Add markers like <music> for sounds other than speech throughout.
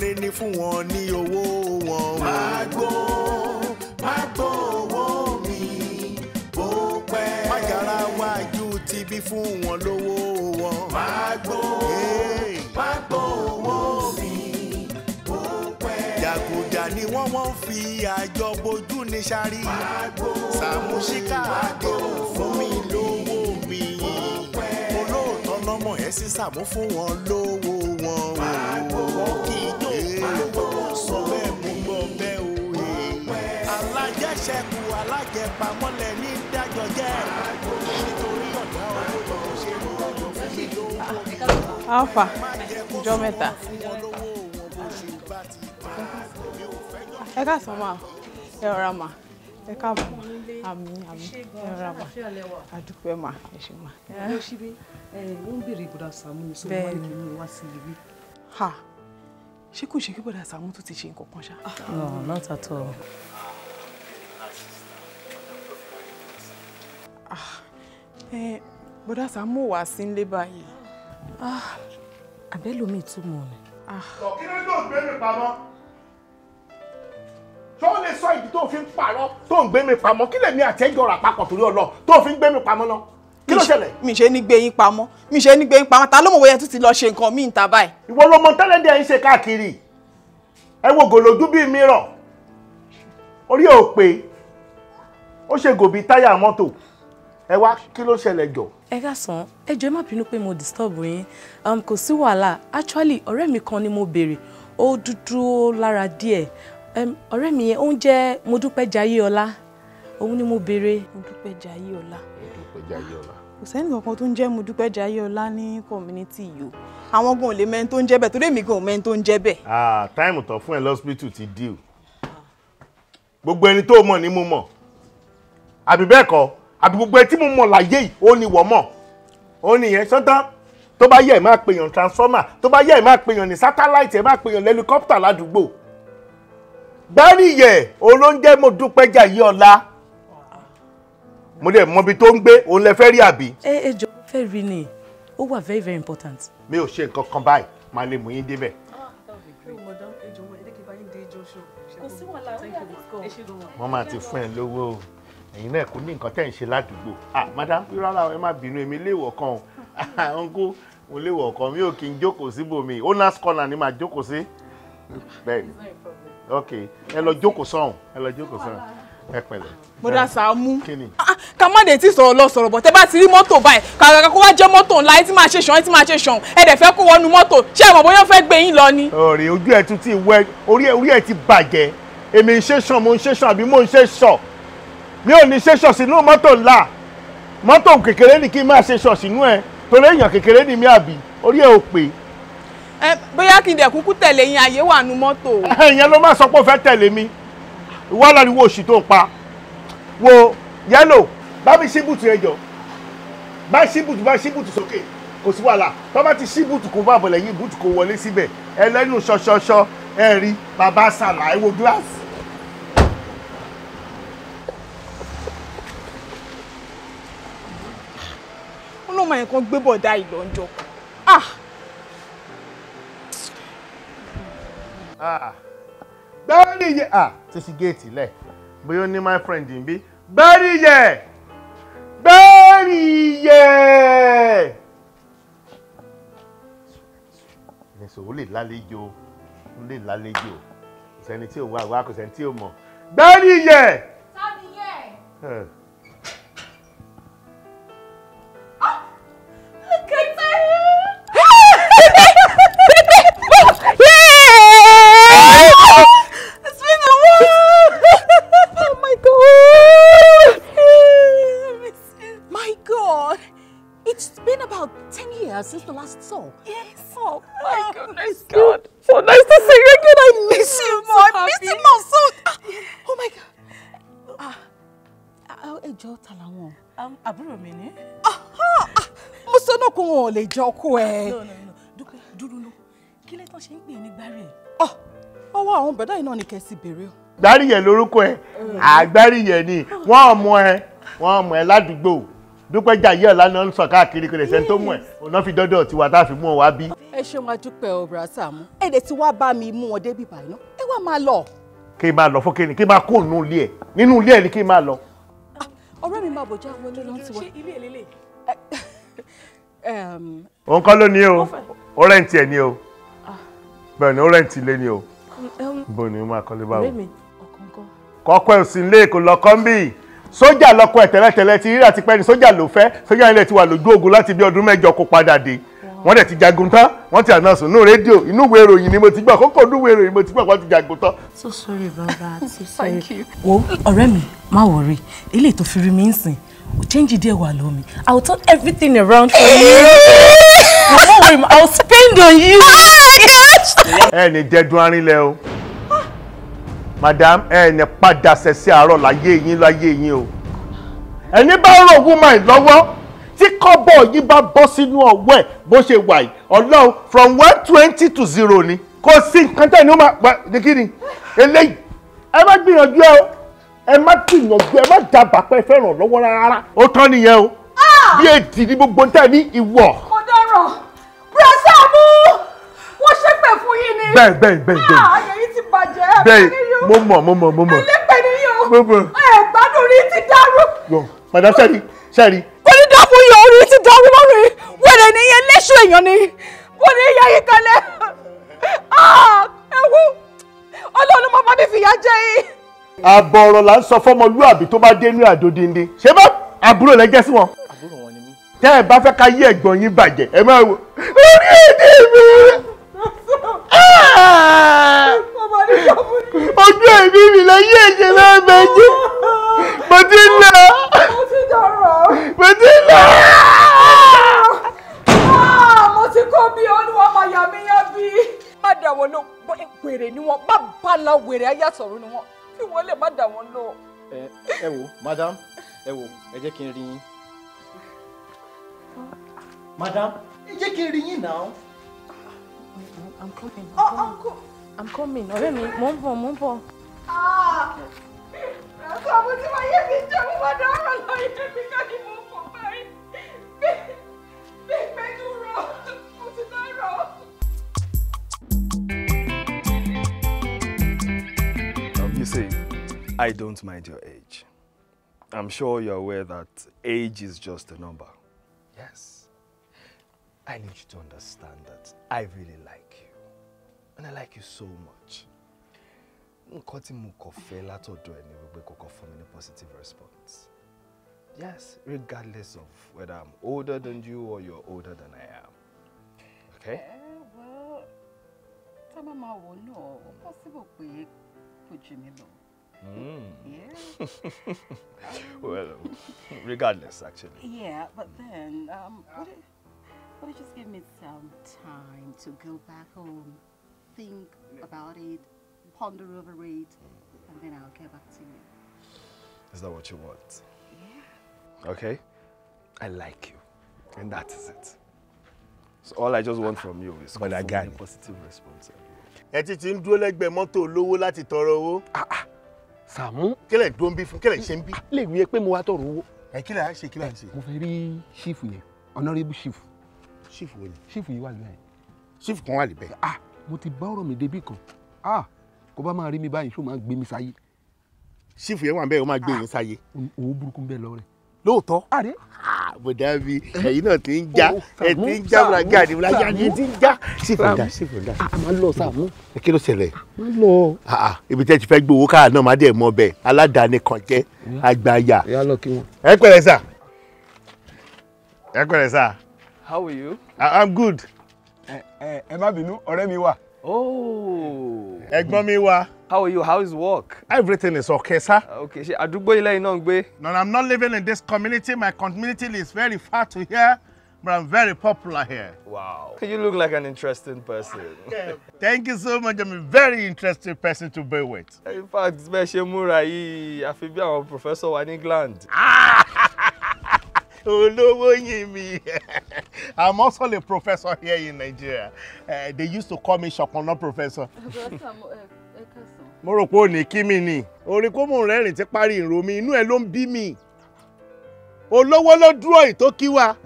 kọrin ní fún wọn ní owó wọn. Magbo, magbo owó mi, bó pẹ́. Májàra wájú ti bí fún wọn lówó wọn. Magbo, magbo owó mi, bó pẹ́. Jàgùjà ni wọ́n wọ́n fi àjọ bojú ní sáré. Magbo, magbo owó mi, bó pẹ́. Sàmúsíkà àdó fún mi lówó mi. Olóòótọ́ lọ́mọ ẹ̀ sísàmú fún wọn lówó wọn. Magbo, alfa ọjọ́ mẹ́ta ẹ káàsán máa ẹ ọ̀rá máa ẹ káàbọ̀ àmì àmì ẹ rà mà àdúpẹ́ mà ẹ ṣe mà. ló ṣí bí wọ́n ṣé kò ṣe kí bọ̀dà Sàámú tó ti ṣe nǹkan kan ah. no not at all. Ah, bọ̀dà Sàámú wà sí nílé báyìí. àbẹ́ ah. lomi ìtumọ̀ ni. kí ló dé me, mi pamọ́ tó lè sọ ìdí tó fi Don't pààrọ̀ me, ń gbé mi pamọ́ kí your àtẹ́jọ́ rà your torí Don't think, fi me, gbé mi kí ló ṣẹlẹ̀. mi ṣe ní gbé yín pamọ́ mi ṣe ní gbé yín pamọ́ ta ló mọ̀ bóyá títí lọ ṣe nǹkan mí ìta báyìí. ìwọ ló mọ tẹ́lẹ̀ díẹ̀ ń ṣe káàkiri ẹ wo gòlòdú bíi mìíràn orí ò pé ó ṣe gòbí táyà mọ́tò ẹ wá kí ló ṣẹlẹ̀ jọ. ẹ káàsán ẹ jọ̀ọ́ ẹ má bínú pé mo disturb yín um, kò sí wàhálà actually ọ̀rẹ́ mi kan ni mo béèrè ó dúdú ó lára díẹ̀ um, ọ̀rẹ́ mi yẹn ó ń jẹ́ Modúpẹ́ Jayéọlá òun ni mo béèrè Modúpẹ́ Jayéọlá. Modúpẹ́ Jayéọlá kò sẹ́ni kankan tó ń jẹ́ mo dúpẹ́ jayé ọlá ní community yìí o àwọn gan ò lè mẹ́ni tó ń jẹ́ bẹ́ẹ̀ torí èmi gan mẹ́ni tó ń jẹ́ bẹ́ẹ̀. ah táìmù tán fún ẹ lọ́sibítù ti díù gbogbo ẹni tó mọ̀ ni mo mọ̀ àbí bẹ́ẹ̀ kọ́ àbí gbogbo ẹni tí mo mọ̀ láyé yìí ó ní wọ́ mọ̀ ó nìyẹn sọ́tán tó bá yẹ ẹ máa pèèyàn transformer tó bá yẹ ẹ máa pèèyàn ní satellite ẹ máa pèèyàn helicopter ládùúgbò bẹ́ẹ̀ nìyẹn olóúnjẹ mo dúpẹ́ jayé ọlá mo lè mọbi tó ń gbé òun lè fẹ́ rí àbí. ẹ ẹ jọ fẹ́ rí ni ó wà very very important. mi ò ṣe nǹkan kan báyìí màá lè mú yín débẹ̀. wọ́n máa ti fún ẹ lówó o ẹ̀yin náà kò ní nǹkan tẹ́ ń ṣe ládùúgbò ah madam rárá ẹ má bínú èmi léèwọ̀ kan o ah, uncle mo léèwọ̀ kan mi ò kí n jókòó síbòmí owner's corner ni màá jókòó sí bẹ́ẹ̀ ni ok ẹ lọ jókòó sọ̀hún ẹ lọ jókòó sọ̀hún ẹ pẹ̀lẹ́. bọ́dà Sàámú ah, ah, ká má dé tí sọ̀rọ̀ lọ sọ̀rọ̀ bọ̀ tẹ́ bá ti rí mọ́tò báyìí kàkà kó wá jẹ́ mọ́tò ńlá ẹ ti máa ṣe ṣan ẹ ti máa ṣe ṣan ẹ dẹ̀ fẹ́ kó wọnú mọ́tò ṣé ẹ mọ̀ bóyá fẹ́ gbé yín lọ ni. ọ̀rẹ́ ojú ẹ̀ tún ti wẹ orí ẹ̀ ti bàjẹ́ èmi ń ṣe ṣan mo ń ṣe ṣan àbí mo ń ṣe ṣan mi ò ní ṣe ṣan sínú mọ́tò ńlá mọ́tò kékeré ni kí n máa ṣe ṣan sínú ẹ torí èèyàn kékeré ni mi àbí orí ẹ̀ ò pé bóyá kí n dẹ̀ <laughs> ìwọ lọ́ni wo òṣì tó ń pa wo yẹ́lò bá mi ṣí bùtù ẹjọ́ bá ṣí bùtù bá ṣí bùtù sókè kò sí wàhálà tó bá ti ṣí bùtù kó bá bọ̀lẹ̀ yìí bùtù kó wọlé síbẹ̀ ẹlẹ́nu ṣọṣọṣọ ẹ rí bàbá sàlà ẹ wo gíláàsì. wọ́n lọ́ọ́ yẹn kan gbé bọ̀dá ìlọ́njọ́ ah. ah bẹ́ẹ̀rì yẹ à ti ṣí géètì lẹ̀ bóyá ó ní my friend ń bí bẹ́ẹ̀rì yẹ bẹ́ẹ̀rì yẹ. ẹ̀sùn ó lè lálejò ó lè lálejò kò sẹ́ni tí ò wá àwa kò sẹ́ni tí ò mọ̀ bẹ́ẹ̀rì yẹ. sábì yẹ. kẹtẹ. uh, since the last song. Yes. Oh my oh, goodness, God. So oh, nice to see you again. I miss you, ma. I miss you, ma. So. Ah, oh my God. Ah. Ẹ ah, eh, jọ ta làwọn. Um, àbúrò mi ni. Ah, mo sọ no kó wọn le lè jọ No, no, no. lọ, kí lẹ́tọ̀ ṣe ń pè ni gbárí Oh. Oh, àwọn bẹ̀dá yìí náà ni kẹ̀sì bèrè o. Gbárí yẹn lórúkọ ẹ̀, mm. àgbárí yẹn ni, wọ́n mọ ẹ, wọ́n mọ ẹ ládùúgbò dúpẹ́ jàyé ọ̀la náà ń sọ káàkiri kò lè sẹ́ni tó mú ẹ̀ ọ̀nà fi dọ́dọ̀ tiwa tá a fi mú ọ wá bí. ẹ ṣeun adúpẹ́ ọ̀bùrà sàmú èdè tí wàá bá mi mú wọn débi báyìí náà ẹ wá máa lọ. kí n máa lọ fún kíni kí n máa kó nínú ilé ẹ nínú ilé ẹ ni kí n máa lọ. Ah, ọ̀rẹ́ mi máa bòjá wọlé lọ tiwa. <laughs> òun kọ́ ló ní o ó rẹ́ǹtì ẹ̀ ní o ah. bẹ́ẹ̀ ni ó rẹ́ǹtì o bó sójà lọkọ ẹ̀ tẹ́lẹ̀tẹ́lẹ̀ ti rírà ti pẹ́ ni sójà ló fẹ́ sójà ilẹ̀ ti wà lójú ogun láti bí ọdún mẹ́jọ kó padà dé wọ́n dẹ̀ ti jagun tán wọ́n ti àná sùn inú rédíò inú ìwé ìròyìn ni mo ti gbọ́ àkókò inú ìwé ìròyìn mo ti gbọ́ wọ́n ti jagun tán. so sorry baba i'm so <laughs> sorry. wo ọ̀rẹ́ mi má wọrí eléyìí tó fi rí mi ń sìn o change díẹ̀ wà lómi i will turn everything around for you you <laughs> no worry i will spend on you. Ah, ẹ ní dẹdun arinlẹ o madam ẹ ní padà sẹ̀sẹ̀ àárọ̀ láyé yín láyé yín o ẹni bá rò woman lọ́wọ́ tí kọ́bọ̀ yìí bá bọ́ sínú ọ̀wọ́ ẹ̀ bó ṣe wà yìí ọlọ́run from one twenty to zero ni kò sí nǹkan tẹ̀ ní ó máa pa ní kí ni eléyìí ẹ má gbìyànjú ẹ o ẹ má gbìyànjú ẹ má dábàá pé fẹ́ràn lọ́wọ́ rárá ó tán nìyẹn o ah! bí èdè ní gbogbo tẹ̀ ní ìwọ. kò dọ̀rọ̀ bùrọ̀sì àmú wọ́n ṣépè fún yín ni. bẹ́ẹ̀ bẹ́ẹ̀ bẹ́ẹ̀ bẹ́ẹ̀ ah, bẹ́ẹ̀ mo mọ̀ mo mọ̀ mo mọ̀. ẹlẹ́pẹ̀ ni yóò ẹ gbádùn orí ti dàrú. madam sẹ́ẹ̀rì sẹ́ẹ̀rì. mo ní dààmú yọ orí ti dàrú lọ́rùn yìí wẹ̀rẹ̀ ni iye lẹ́sùn èèyàn ni mo ní ìyá yìí kalẹ̀ ẹ̀wù ah, ọlọ́run màmá mi fìyà jẹ yìí. àbọ̀ ọ̀rọ̀ là ń sọ fọ́mọlúàbí tó bá dé inú àdó dindin ṣé bá àbúrò lẹ jẹ́ sí wọn. àbúrò wọn ni mí. tẹ́ ẹ bá fẹ́ ká yí ẹ̀gbọ́n yín bàjẹ́ ẹ máa wò. orí èdè mi. <laughs> Ah! máa ní sọ́ọ̀bù ni. ojú ẹ̀mí mi lọ yí ẹ̀jẹ̀ náà bẹ̀jẹ̀ mo ti ń lọ. mo ti dọ̀rọ̀. mo ti ń lọ. Ah, mo ti kó bí olúwa máa yà mí yá bí. má dà wọ́n lọ wèrè ni wọ́n bá bá la wèrè ayé àsọ̀rọ̀ ni wọ́n kí wọ́n lè má dà wọ́n lọ. ẹ wo madam ẹ wo ẹ jẹ́ kí n rí yín. madam ẹ jẹ́ kí n rí yín náà. Ah, I'm coming. I'm coming. Ah, uncle. I'm coming. Ọ̀rẹ́ mi, mò ń bọ̀, mò ń bọ̀. Ẹ̀sọ́ àbú tí wọ́n yé mi jẹ́ mo máa dáhùn lóye mi káàdì mo n bo um, You see, I don't mind your age. I'm sure you're aware that age is just a number. Yes. I need you to understand that I really and I like you so much. Nǹkan tí mo kàn fẹ́ látọ̀dọ̀ positive response. Yes, regardless of whether I'm older than you or you're older than I am. Okay? Uh, well, tá bá máa wò náà, possible we put you in lọ. Mm. Yeah. <laughs> well, regardless, actually. Yeah, but then, um, would it, would it just give me some time to go back home? think about it, ponder over it, and then I'll get back to you. Is that what you want? Yeah. Okay? I like you. And that is it. So all I just want from you is but again, a positive response. Ẹ ti ti ń dúró lẹ́gbẹ̀ẹ́ mọ́tò olówó láti tọrọ owó. Ah, ah. Sàmú. Kílẹ̀ dó ń bí fún kílẹ̀ ṣe ń bí. Lè wí ẹ pé mo wá tọrọ owó. Ẹ kílẹ̀ á ṣe kílẹ̀ ṣe. Mo fẹ́ rí ṣífù yẹn, honourable ṣífù. Ṣífù wo ni? Ṣífù yìí wà lóyún. Ṣífù kan wà lóbẹ̀. Ah, mo ti bá ọ̀rọ̀ mi débi kan ah kò bá máa rí mi báyìí ṣó máa gbé mi sáyé. sífù yẹn wà bẹ́ẹ̀ o máa gbé ah, yín sáyé. òwò burúkú ń lọ rẹ̀. lóòótọ́ bọ̀dá ah, mi ẹ̀yin náà ti ń já oh, ẹ̀ ti ń já bùrọ̀gá ni bùrọ̀gá ni ti ń já. sífù dá sífù dá. a máa lọ Sàámú. kí ló ṣẹlẹ̀. a máa lọ. Ah, ibi tẹ́ ti fẹ́ gbowó káà náà má dẹ̀ mọ bẹ́ẹ̀ aládàáni kan jẹ́ hmm. àgbáyà. ẹ pẹ̀lẹ́ sà. ẹ pẹ̀lẹ́ sà. How are you? I'm good ẹ má bínú ọ̀rẹ́ mi wà. Oh. ẹ̀gbọ́n mi wà. How are you? How is work? Everything is okay, sir. Okay, ṣe àdúgbò ilé iná ń gbé. No, I'm not living in this community. My community is very far to here, but I'm very popular here. Wow. You look like an interesting person. <laughs> Thank you so much. I'm a very interesting person to be with. In fact, bẹ́ẹ̀ ṣe múra yìí, àfi bí àwọn professor wa ní England. Ah! <laughs> Olówó yìí mi. <laughs> I'm also a professor here in Nigeria. Uh, they used to call me Ṣọ̀pọ̀nná professor. <laughs> Eh, eh, mo rò pé ò ní kí mi ni. Orin kó mò ń rẹ́rìn ti parí ìró mi, inú ẹ̀ ló ń bí mi. Olówó ló dúró ìtó kí wa.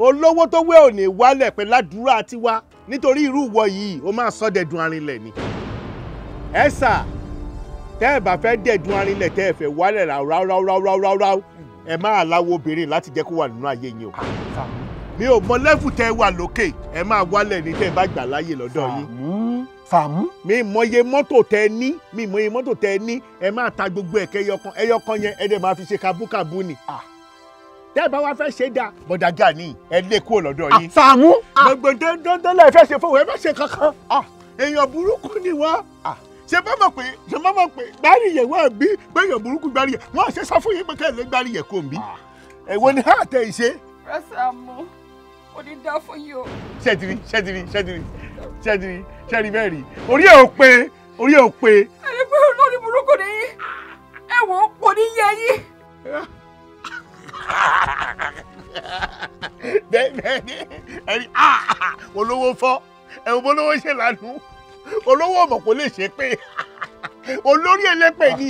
Olówó tó wé òní wálẹ̀ pé ládùúrà tiwa. Nítorí irú ìwọ yìí, ó máa sọ dẹ̀dùn arinlẹ̀ ni. Ẹ sà, tẹ́ ẹ bá fẹ́ dẹ̀dùn arinlẹ̀ tẹ́ ẹ fẹ́ wálẹ̀ ráúráúráúráúráú ẹ máa láwọ obìnrin láti jẹ́ kó wà nínú ayé yín o. mi ò mọ lẹ́fù tẹ́ wà lókè ẹ máa wálẹ̀ ní tẹ́ ẹ bá gbà láàyè lọ́dọ̀ yín. Sàámú. mi mọye mọ́tò tẹ ní mi mọye mọ́tò tẹ ní ẹ máa ta gbogbo ẹ̀kẹ́ ẹyọkan ẹyọkan yẹn ẹ dẹ̀ máa fi ṣe kabúkabú ni. tẹ́ ẹ bá wá fẹ́ ṣe dáa bọ́dà Gani ẹ lé kúrò lọ́dọ̀ yín. Sàámú. gbogbo dandan lẹ ṣe fún wọn ẹ má ṣe kankan. èèyàn burúkú ni wá ṣe bá mọ̀ pé ṣe bá mọ̀ pé gbáríyẹ̀ wọ́n bí gbẹ̀yàn burúkú gbáríyẹ̀ wọ́n ṣe sá fún yín pé kẹ́lẹ́ gbáríyẹ̀ kò ń bí ẹ̀wọ̀n ah. ni háà tẹ̀ ṣe. rẹ́sà mú onídá fún yìí o. ṣẹ́tìrì ṣẹ́tìrì ṣẹ́tìrì ṣẹ́tìrì ṣẹ́tìrì bẹ́ẹ̀ rí orí ẹ̀ ò pé orí ẹ̀ ò pé. ẹni pé olórí burúkú ni yín ẹ̀wọ̀n kò ní yẹ yín. bẹ́ẹ̀ bẹ́ẹ̀ ni ẹni ah, ah, olówó fọ́ ẹ̀wọ̀n olówó ṣe lánàá olówó ọmọ kò lè ṣe pé <laughs> olórí ẹlẹ́pẹ̀ ni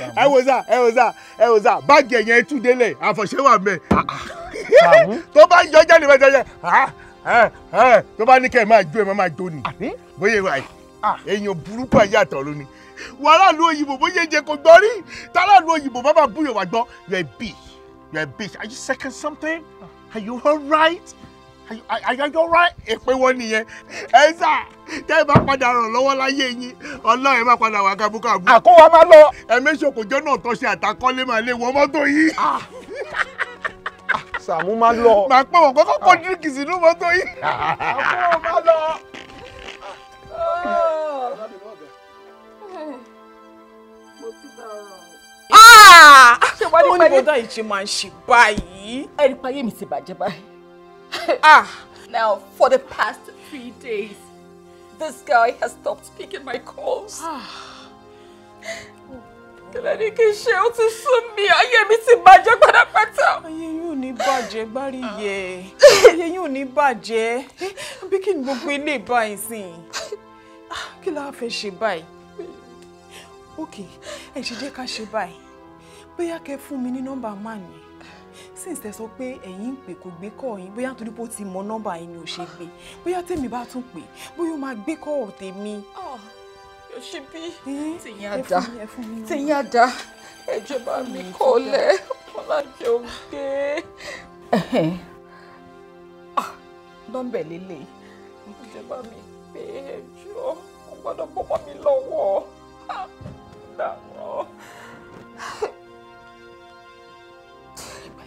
ah, ẹ wò sá ẹ wò sá ẹ wò sá báàgì ẹ̀yẹn ẹ tú délẹ̀ àfọ̀ṣẹ́ wà mẹ́ <laughs> tó bá ń yọ jáde mẹ́ta yẹ tó bá ní kẹ́ ẹ máa jó ẹ máa jó ni bóyá ìwà yìí ah. èèyàn burúkú ayé àtọ̀ ló ni wàhálà lu òyìnbó bóyá jẹ kó gbọ́ rí tààlà lu òyìnbó bàbá búyọ̀ wà gbọ́ you are a bitch you are a bitch are you second something ah. are you alright àjọjọ wá èpè wọn nìyẹn ẹ sà tẹ ẹ bá padà ràn lọ́wọ́ láyé yín Ọlọ́run ẹ má padà wà kábúkábú. àkówá máa lọ. ẹ̀mí ṣòkòjọ́ náà tọ́ṣe àtàkọ́lé máa lé wọ mọ́tò yìí. Ah. Sàámú máa lọ. màá pẹ́ wọ́n kọ́kọ́ kó díríkì sínú mọ́tò yìí. àkówá máa lọ. Ah! ṣé wàá ní pẹ́ẹ́lí. ó ní bọ́dá yìí ṣe máa ń ṣe báyìí. ẹ̀rí payé mi ti bàjẹ́ báyìí. <laughs> ah! Now, for the past three days, this guy has stopped picking my calls. Kìlẹ̀díkì ṣe ó ti sún mi, ayé mi ti bàjẹ́ pátápátá. Ayé yóò ní bàjẹ́ Gbáríyè, ah. ayé yóò ní bàjẹ́. Eh, bí kí ni gbogbo ilé báyìí sí? Ah, kí la fẹ́ ṣe báyìí? Ok, ẹ jẹ́ ká ṣe báyìí. Bóyá kẹ́ fún mi ní nọ́mbà máa nìyí since tẹ sọ pé ẹ̀yin ń pè kò gbé kọ́ yín bóyá torí pé ó ti mọ nọ́mbà yín ni ò ṣe gbé bóyá tèmi bá tún pè bóyá ó máa gbé kọ́ tèmi. Ah, yòṣìbí tìyín àdá tìyín àdá ẹjọ bá mi kọlẹ ọlájọ gbé. Ah, nọ́mbà lélẹ̀ ẹjọ bá mi pé ẹjọ ó gbọ́dọ̀ bọ́ mọ́ mi lọ́wọ́ ah, dáná.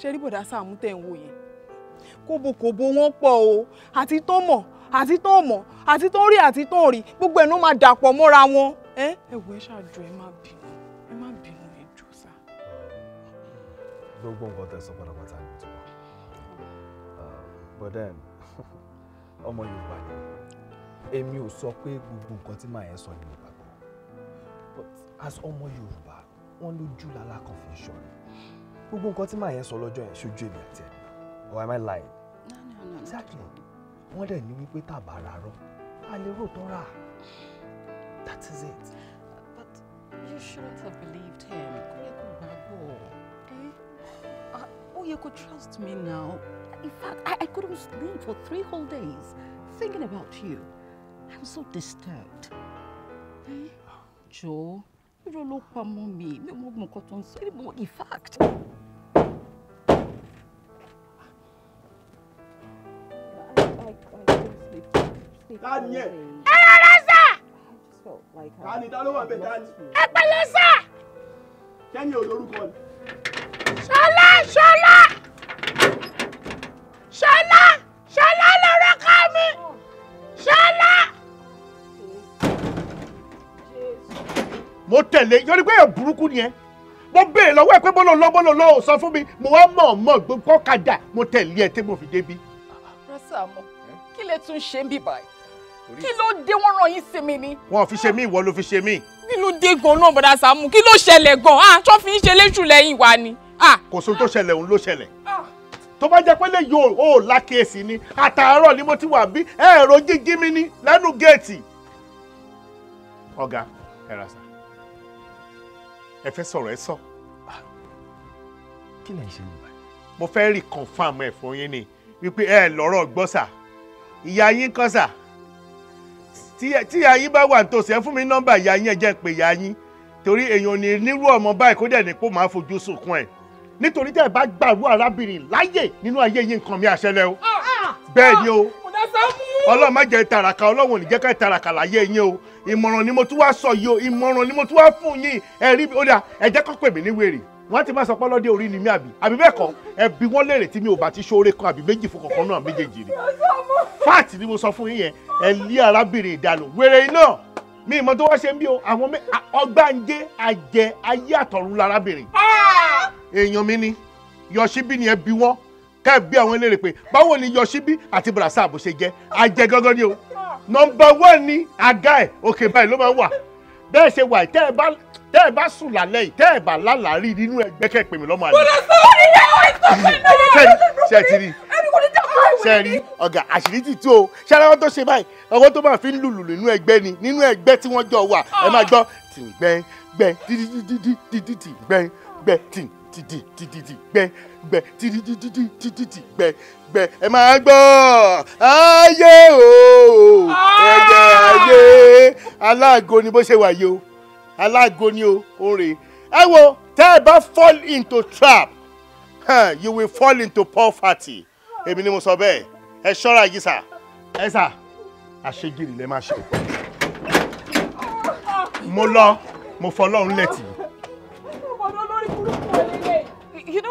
ṣe rí bọ̀dá Sàámú tẹ̀ ń wò yẹn kóbokòbo wọn pọ̀ o àti tó mọ̀ àti tó mọ̀ àti tó rí àti tó rí gbogbo ẹ̀ ló máa dàpọ̀ mọ́ra wọn. ẹ wò ẹ ṣáàjọ ẹ má bínú ẹ má bínú ẹ jọ sá. gbogbo nǹkan tẹ́ sọ pátápátá ni mo ti wá but then ọmọ Yorùbá ni èmi ò sọ pé gbogbo nǹkan tí màá yẹn sọ ni mo gbàgbọ́ but as ọmọ Yorùbá wọ́n lójú làlá kan fi ṣọ́ni gbogbo nǹkan tí màá yẹn sọ lọ́jọ́ yẹn ṣojú èmi àti ẹ̀ or am I lying? no no no exactly wọ́n dẹ̀ ní wípé tàbá rárọ́ a lè rò tán rà that is it. but you shouldn't have believed him kò yẹ kó gbàgbọ́ eh? ah, ó yẹ kó trust me now in fact I, I couldn't sleep for three whole days thinking about you I'm so disturbed. Hey? Eh? Joe irọ́ ló pa mọ́ mi mi ò mọ nǹkan tó ń sọ kí ni mo in fact. Daniel. Ẹ rárá sá. Dani ta wà bẹ́ẹ̀ Dani. Ẹ pẹ̀lẹ́ sá. Kẹ́ni olórúkọ ni. Ṣọlá Ṣọlá. mo tẹ̀lé yọrí pé èèyàn burúkú ni ẹ mo béèrè lọ́wọ́ ẹ pé bọ́lọ̀ lọ́ bọ́lọ̀ lọ́ ò sọ fún mi mo wá mọ̀ mọ̀ gbogbo kàdà mo tẹ̀lé ẹ tí mo fi débi. rasa mo kí lè tún ṣe ń bì báyìí kí ló dé wọn ràn yín sí mi ni. wọn ò fi ṣe mí ìwọ ló fi ṣe mí. kí ló dé gan náà bọ̀dá Sàámú kí ló ṣẹlẹ̀ gan ah tó fi ń ṣe léṣù lẹ́yìn wa ni. Ah. kò sóhun tó ah. ṣẹlẹ̀ òun ló ṣẹlẹ̀ ah. tó bá jẹ́ pé lè yóò ó lákèésí ni àtàárọ̀ ni mo ti wà bí ẹ̀rọ jíjí mi ni lẹ́nu géètì. ọ̀gá ẹ̀rọ àṣà ẹ fẹ́ sọ̀rọ̀ ẹ sọ. Ah. kí lẹ ń ṣe nígbà yìí. mo fẹ́ rí confam ẹ̀ fún yín ni wípé ẹ lọ́rọ̀ gbọ́ sà ìyá yín kọ́ sà tí ìyá yín bá wà nítòsí ẹ fún mi nọ́mbà ìyá yín ẹ jẹ́ pé ìyá yín torí èèyàn ní nírú ọmọ báyìí kó dẹ̀ ní kó máa fojú sunkún ẹ̀ nítorí tẹ́ ẹ bá gbàrú arábìnrin láyè nínú ayé yín nǹkan mi àṣẹlẹ̀ o ah, ah, bẹ́ẹ̀ ni o ọlọ́run má jẹ́ tàràkà ọlọ́run ò ní jẹ́ ká tàràkà láyé yín o ìmọ̀ràn ni mo tún wá sọ yìí o ìmọ̀ràn ni mo tún wá fún yín ẹ̀rí ó dà ẹ jẹ́ kó pè mí ní wèrè wọ́n ti máa sọ pé ọlọ́dẹ orí ni mí àbí àbí bẹ́ẹ̀ kọ́ ẹ bi wọ́n léèrè tí mi ò bá ti ṣoore kan àbí méjì fún kankan náà méjèèjì rè fact ni mo sọ fún yín yẹn ẹ lé arábìnrin ìdánù wèrè náà mi ìmọ̀ tó wá ṣe ń bí o àwọn ọgbàǹjẹ́ àjẹ ayé àtọ̀run lárábìnrin èèyàn mi ni yọ̀ṣíbí ni ẹ bi wọ́n ká ẹ bí àwọn eléèrè pé báwo ni yọ̀ṣíbí àti brasa àbòṣe jẹ́ àjẹ gangan ni o nọmba one ni àga ẹ̀ òkè báyìí ló máa wà bẹ́ẹ̀ ṣe wà tẹ́ ẹ bá tẹ́ ẹ bá sùn lálẹ́ yìí tẹ́ ẹ bá lálàá rí nínú ẹgbẹ́ kẹ́ pè mí lọ́mọ àná. kò lè sọ ọ́ nílé ọ̀ ìsọ̀kan náà ṣe rí ọ̀gá àṣírí ti tú o ṣáláwọ́ tó ṣe báyìí ọwọ́ tó máa fi ń lùlù nínú ẹgbẹ́ ni nínú ẹgbẹ́ tí wọ́n jọ wà ẹ máa gbọ́ tìǹgbẹ́ gbẹ́ dídídídídídì tìǹgbẹ́ gbẹ́ tìǹ tìdì tìdì tì gbẹ gbẹ tìdì tìdì tìdì tì gbẹ gbẹ ẹ máa gbọ́ ayé o ẹ̀jẹ̀ ayé aláàgó ni bó ṣe wà yìí o aláàgó ni o ó rè é wo tẹ́ ẹ bá fall into trap you will fall into poverty èmi ni mo sọ bẹ́ẹ̀ ẹ ṣọ́ra yìí sà ẹ sà àṣegìrì lẹ máa ṣe mo lọ mo fọlọ́run lẹ́tì. ọ̀dọ́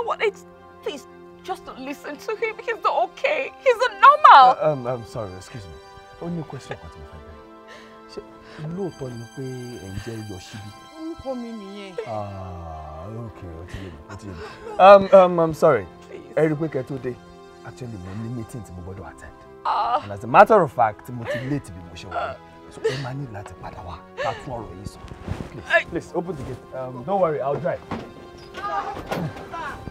what? It's please just listen to him. He's not okay. He's a normal. Uh, um, I'm sorry. Excuse me. Ó ní question kan tí mo fẹ́ bẹ̀rẹ̀. Ṣé lóòótọ́ ni pé ẹ̀ ń jẹ́ Yoshibi? Orúkọ ah, Okay, ó ti yé mi, ó ti Um, um, I'm sorry. Ẹ rí i pé Actually, mo ní meeting tí mo attend. Uh, And as a matter of fact, mo ti late to mo ṣe So ẹ máa ní láti padà wá ká tún Please, please open the gate. Um, don't worry, I'll drive. Ah.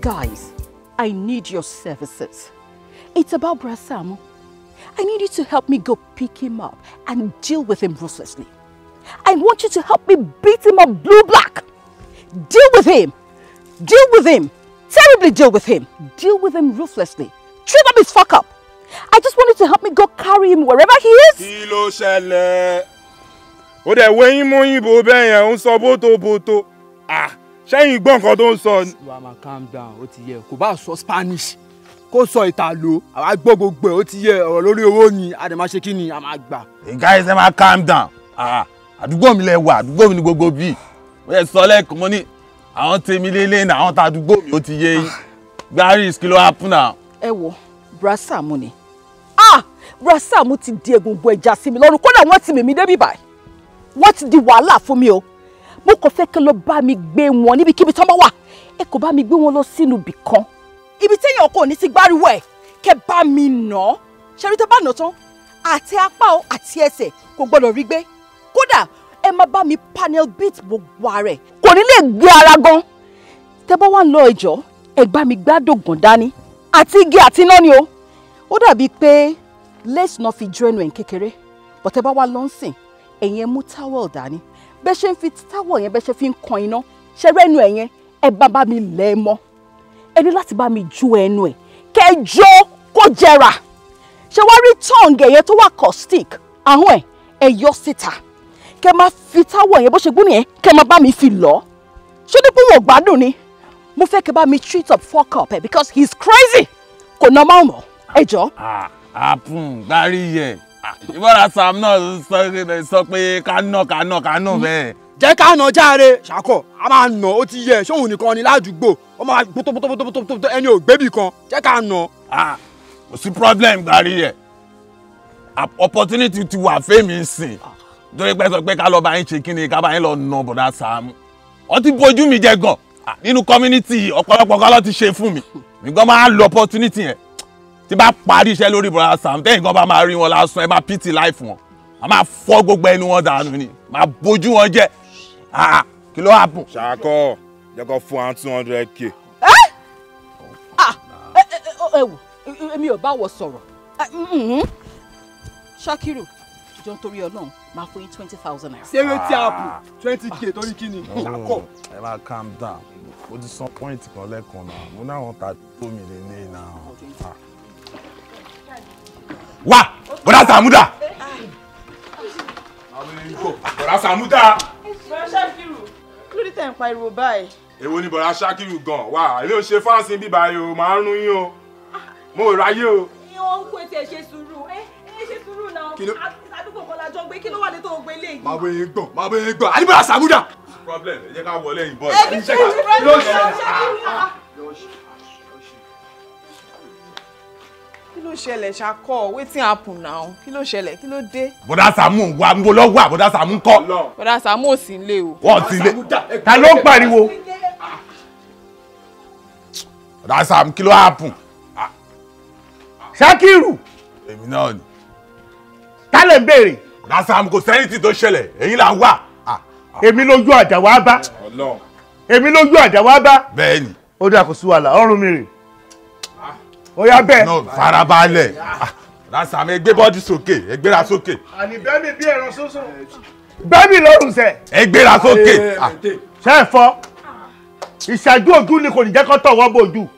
Guys, I need your services. It's about Brasamo. I need you to help me go pick him up and deal with him ruthlessly. I want you to help me beat him up blue-black. Deal with him. Deal with him. Terribly deal with him. Deal with him ruthlessly. Treat up his fuck up. I just wanted to help me go carry him wherever he is. Kí ló ṣẹlẹ̀? Ó dẹ̀ wẹ́yìn mú yìnbó bẹ́ẹ̀ yẹn, ó ń sọ bótobóto. Ah! Ṣẹ́yìn gbọ́ nǹkan tó ń sọ ni. calm down, ó ti yẹ. Kò bá sọ Spanish, kó sọ ìtàló, àwa gbọ́ gbogbo ẹ̀, ti yẹ. Ọ̀rọ̀ lórí owó ni, a dẹ̀ máa ṣe kí a máa gbà. The guys them, máa calm down. Ah! Àdúgbò mi lẹ wà, àdúgbò mi ni gbogbo bíi. Mo yẹ sọ lẹ́ẹ̀kan, mo ní àwọn tèmi lélẹ̀ náà àwọn tá a dúgbò mi ó ti yé gbaris kí ló happen na. ẹ wo brasa mu ni ah brasa mu ti di egungun ẹja sí mi lọ́rùn kódà wọ́n ti mèmí débi báyìí wọ́n ti di wàhálà fún mi o mo kàn fẹ́ kí ló bá mi gbé wọn níbikíbi tó bá wà ẹ kò bá mi gbé wọn lọ sínú ibì kan ibi téèyàn kò ní ti gbáriwọ ẹ kẹ bá mi nà án ṣẹrí tó bá nà tán àti apá o àti ẹsẹ̀ kò gbọ́dọ̀ rí gbé kódà ẹ má bá mi panel beat gbogbo ara ẹ ní lè gbé ara gan tẹ bá wà ń lọ ìjọ ẹgbà mi gbádùn gan dání àti igi àti iná ni o ó dàbíi pé lace náà fi jó ẹnu ẹ̀ kékeré bọ̀tẹ́ bá wà lọ́nsìn ẹ̀yin ẹ mú towel dání bẹ́ ṣe ń fi towel yẹn bẹ́ ṣe fi ń kan iná ṣe rẹ́nu ẹ̀ yẹn ẹ bá bá mi lẹ̀ ẹ́ mọ́ ẹ ní láti bá mi jó ẹnu ẹ̀ kẹ́ ẹ jó kó jẹrà ṣe wá rí tongue ẹ̀yẹ tó wà stick. ahọ́n ẹ̀ ẹ yọ síta kẹ máa fi táwọ̀ yẹn bó ṣe gbóni yẹn kẹ máa bá mi fi lọ ṣé dípò wọn ò gbádùn ni mo fẹ́ kẹ bá mi treat up fuck up ẹ because he is crazy kò normal mọ́ ẹ jọ. àpùn dárí yẹ ìbọ̀dà sam náà sọ pé ká nà ká nà ká nà bẹ́ẹ̀. jẹ́ ká nà járe ṣàkọ́ a máa nà ó ti yẹ ṣóhun nìkan ni ládùúgbò ó máa gbótóbótóbótóbótó ẹni ò gbébì kan jẹ́ ká nà. kò sí problem dárí yẹ opportunity ti wà fẹ́mi sìn torí pé sọ pé ká lọ bá yín ṣe kí ni ká bá yín lọ nà bọ̀dá Sàámú ó ti bójú mi jẹ gan nínú community ọ̀pọ̀lọpọ̀ kọ́ ló ti ṣe fún mi mi gan máa lo opportunity yẹn tí bá parí iṣẹ́ lórí bọ̀dá Sàámú tẹ́yìn gan bá máa rí wọn lásán ẹ máa pity life wọn a máa fọ́ gbogbo ẹnu wọn dànù ni máa bójú wọn jẹ kí ló wà bùn. ṣàkọ jẹkọ fún wa two hundred k. ẹ wò èmi ò bá wọ sọ̀rọ̀ Ṣakiru jọ ń torí ọlọ́run máa fún yín twenty thousand naira. ṣeré tí a ah. twenty k torí kí ni oh, ẹ máa calm down mo ti san point kan lẹ́kàn náà mo náà ta tó mi lè ní iná. Ah. wá bọ́dá sàmúdà. bọ́dá sàmúdà. bọ́dá tẹ̀ ń pa ìrò báyìí. èwo ni bọ́dá ṣàkírù gan-an ilé òṣè fáṣin bíbá yìí o máa ń rún yín o mo ráyè o. ìyẹn wọn kò tẹ̀ ṣe sùúrù ẹ ṣe sùúrù náà àdúgbò kan lájọ gbé kí ló wà létò ògbé ilé yìí. màá wéé gbọ̀n màá wéé gbọ̀n àdìbò àṣàmúdà. problem ẹ jẹ́ ká wọlé ìbọn. ẹ kì í ṣe ìrẹsì ló ṣe kí ló ṣẹlẹ̀ ṣakọ wetin happen now kí ló ṣẹlẹ̀ kí ló dé. bọ́dà sàmú wa ń bo lọ́wọ́ àbọ̀dà sàmú kọ́. bọ́dà sàmú ò sí ilé o. wọ́n ti lé ta ló ń pariwo. bọ́dà sàmú kí ló happen. Ah. Ṣakiru. èmi náà ni lè ń béèrè. dasam kò sẹ́yìn tí tó ṣẹlẹ̀ èyí là ń wà. èmi lójú àjà wá bá èmi lójú àjà wá bá. bẹ́ẹ̀ni. ó dà kó sí wàhálà ọrùn mi rè ó yá bẹ́ẹ̀. náà farabalẹ̀ dasam ẹ gbé bọ́dì sókè ẹ gbéra sókè. àní bẹ́ẹ̀ni bí ẹran sọ́sọ́. bẹ́ẹ̀ni lọ́rùn sẹ̀. ẹ gbéra sókè. ṣé ẹ fọ́ ìṣàjú ojú ni kò ní jẹ́ kó tọ̀wọ́ bójú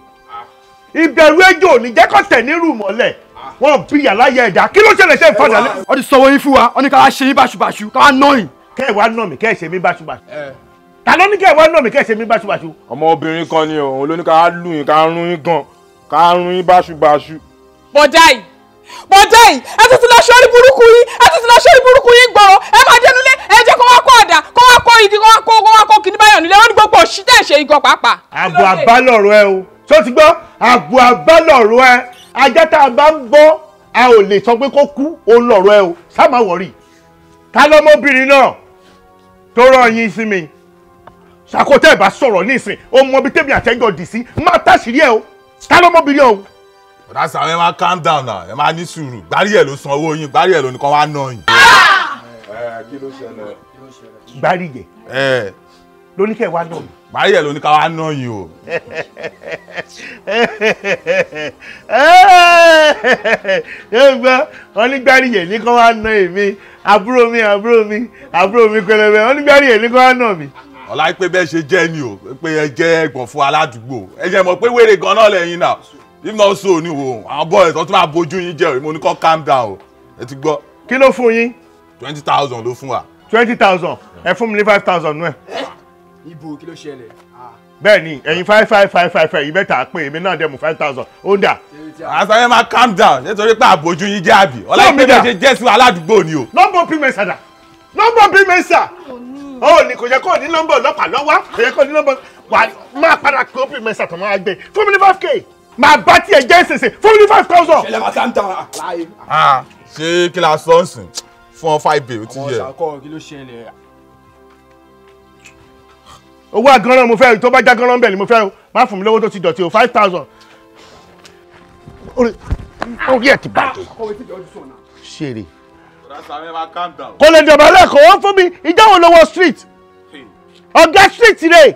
ìbẹ̀rù ejò ò ní jẹ́ kó tẹ̀ nírú mọ́lẹ̀ wọn bí yàláyà ẹ̀dá kí ló ṣẹlẹ̀ ṣe ń padà lé. wọ́n ti sọ̀wọ́ yín fún wa wọ́n ní ká wá ṣe yín báṣubàṣu ká wá ná yín. kẹ́ ẹ̀ wá ná mi kẹ́ ẹ̀ ṣe mí báṣubàṣu. ta ló ní kẹ́ ẹ̀ wá ná mi kẹ́ ẹ̀ ṣe mí báṣubàṣu. ọmọbìnrin kan ni òun ló ní ká lù yín ká rún yín gan ká rún yín báṣubàṣu. bọ́dá yìí bọ́dá yìí ẹ ti ti lọ sórí burúkú yín ẹ ti ti lọ sórí burúkú yín gbọ̀rọ̀ ẹ máa dẹnu lé ẹ jẹ́ kó wá kó ọ̀dà kó wá kó ìdí kó wá kó kó wá kó kìnnìún báyọ̀ nílé wọn ní gbogbo òṣìṣẹ́ ìṣe igan pàápàá. àbọ̀ àbálọ̀rọ̀ ẹ o ṣó ti gbọ́ àbọ̀ àbálọ̀rọ̀ ẹ ajá tá a bá ń bọ́ a ò lè sọ pé kó kú òun lọ̀rọ̀ ẹ o ṣá má wọ̀rì ta lọ́mọbìnrin náà tó rán yín sí mi ṣàkótẹ́ ìbá sọ̀rọ̀ nísìn o mọ ibi tẹ́mi àtẹ́jọ́ dì sí má táṣìírí ẹ o ta lọ́mọbìnrin ọ̀hún. ọ̀dà sàrẹ́ ẹ calm down náà ẹ máa ní sùúrù gbárí ẹ̀ ló san owó yín gbárí ẹ̀ ló nìkan wá ná yín. kí ló ṣẹlẹ̀. gbárí yẹ lóníkẹ́ wa náà. báyẹ̀ lóníkà wa náà yìí o. ẹgbẹ́ onígbàríyẹ̀ ní kó wá ná èmi àbúrò mi àbúrò mi àbúrò mi pẹlẹbẹ onígbàríyẹ̀ ní kó wá ná mi. ọ̀la pé bẹ́ẹ̀ ṣe jẹ́ ni o pé ẹ jẹ́ ẹ̀gbọ́n fún aládùúgbò ẹ jẹ́ mọ̀ pé wèrè gan-an lẹ́yìn náà if not so ni wo àwọn bọ́ọ̀lù tó tún máa bójú yín jẹ́ mo ní kó calm down o ẹ ti gbọ́. kí ló fún yín. twenty thousand ló fún wa. twenty thousand ẹ fún mi ní five thousand nú ẹ ibo kí ló ṣẹlẹ̀. Ah. bẹ́ẹ̀ni ẹ̀yin five five five five five yìí mẹ́ta pé èmi náà dẹmu five thousand ó ń dà. àṣàyàn máa calm down nítorí pé àbójú yín jẹ́ àbí ọlọ́run bíi ṣe jẹ́ sí wa aládùúgbò ni o. nọ́mbà bí mẹ́sà dà nọ́mbà bí mẹ́sà ó ní kò yẹ kó ní nọ́mbà ọlọ́pàá lọ́wọ́ kò yẹ kó ní nọ́mbà wà máa padà kó bí mẹ́sà tó máa gbé fún five k máa bá tiẹ̀ jẹ́ ṣèṣe fún five thousand. ṣẹlẹ̀ máa calm down. Ah, ṣé kí la sọ́ọ̀sì fún ọ five bay ó ti yẹ. àwọn ọ̀sà kí ló ṣẹlẹ̀ owó àgànràn mo fẹ́ tó bá já gànràn bẹ́ẹ̀ ni mo fẹ́ o má fún mi lówó tó ti dọ̀tí o five thousand. orí ẹ̀ ti bàjẹ́ ah, ṣeré. kò lè dọ̀bà lẹ́kọ̀ọ́ fún mi ìjáwó lọ́wọ́ street ọ̀gá street rẹ̀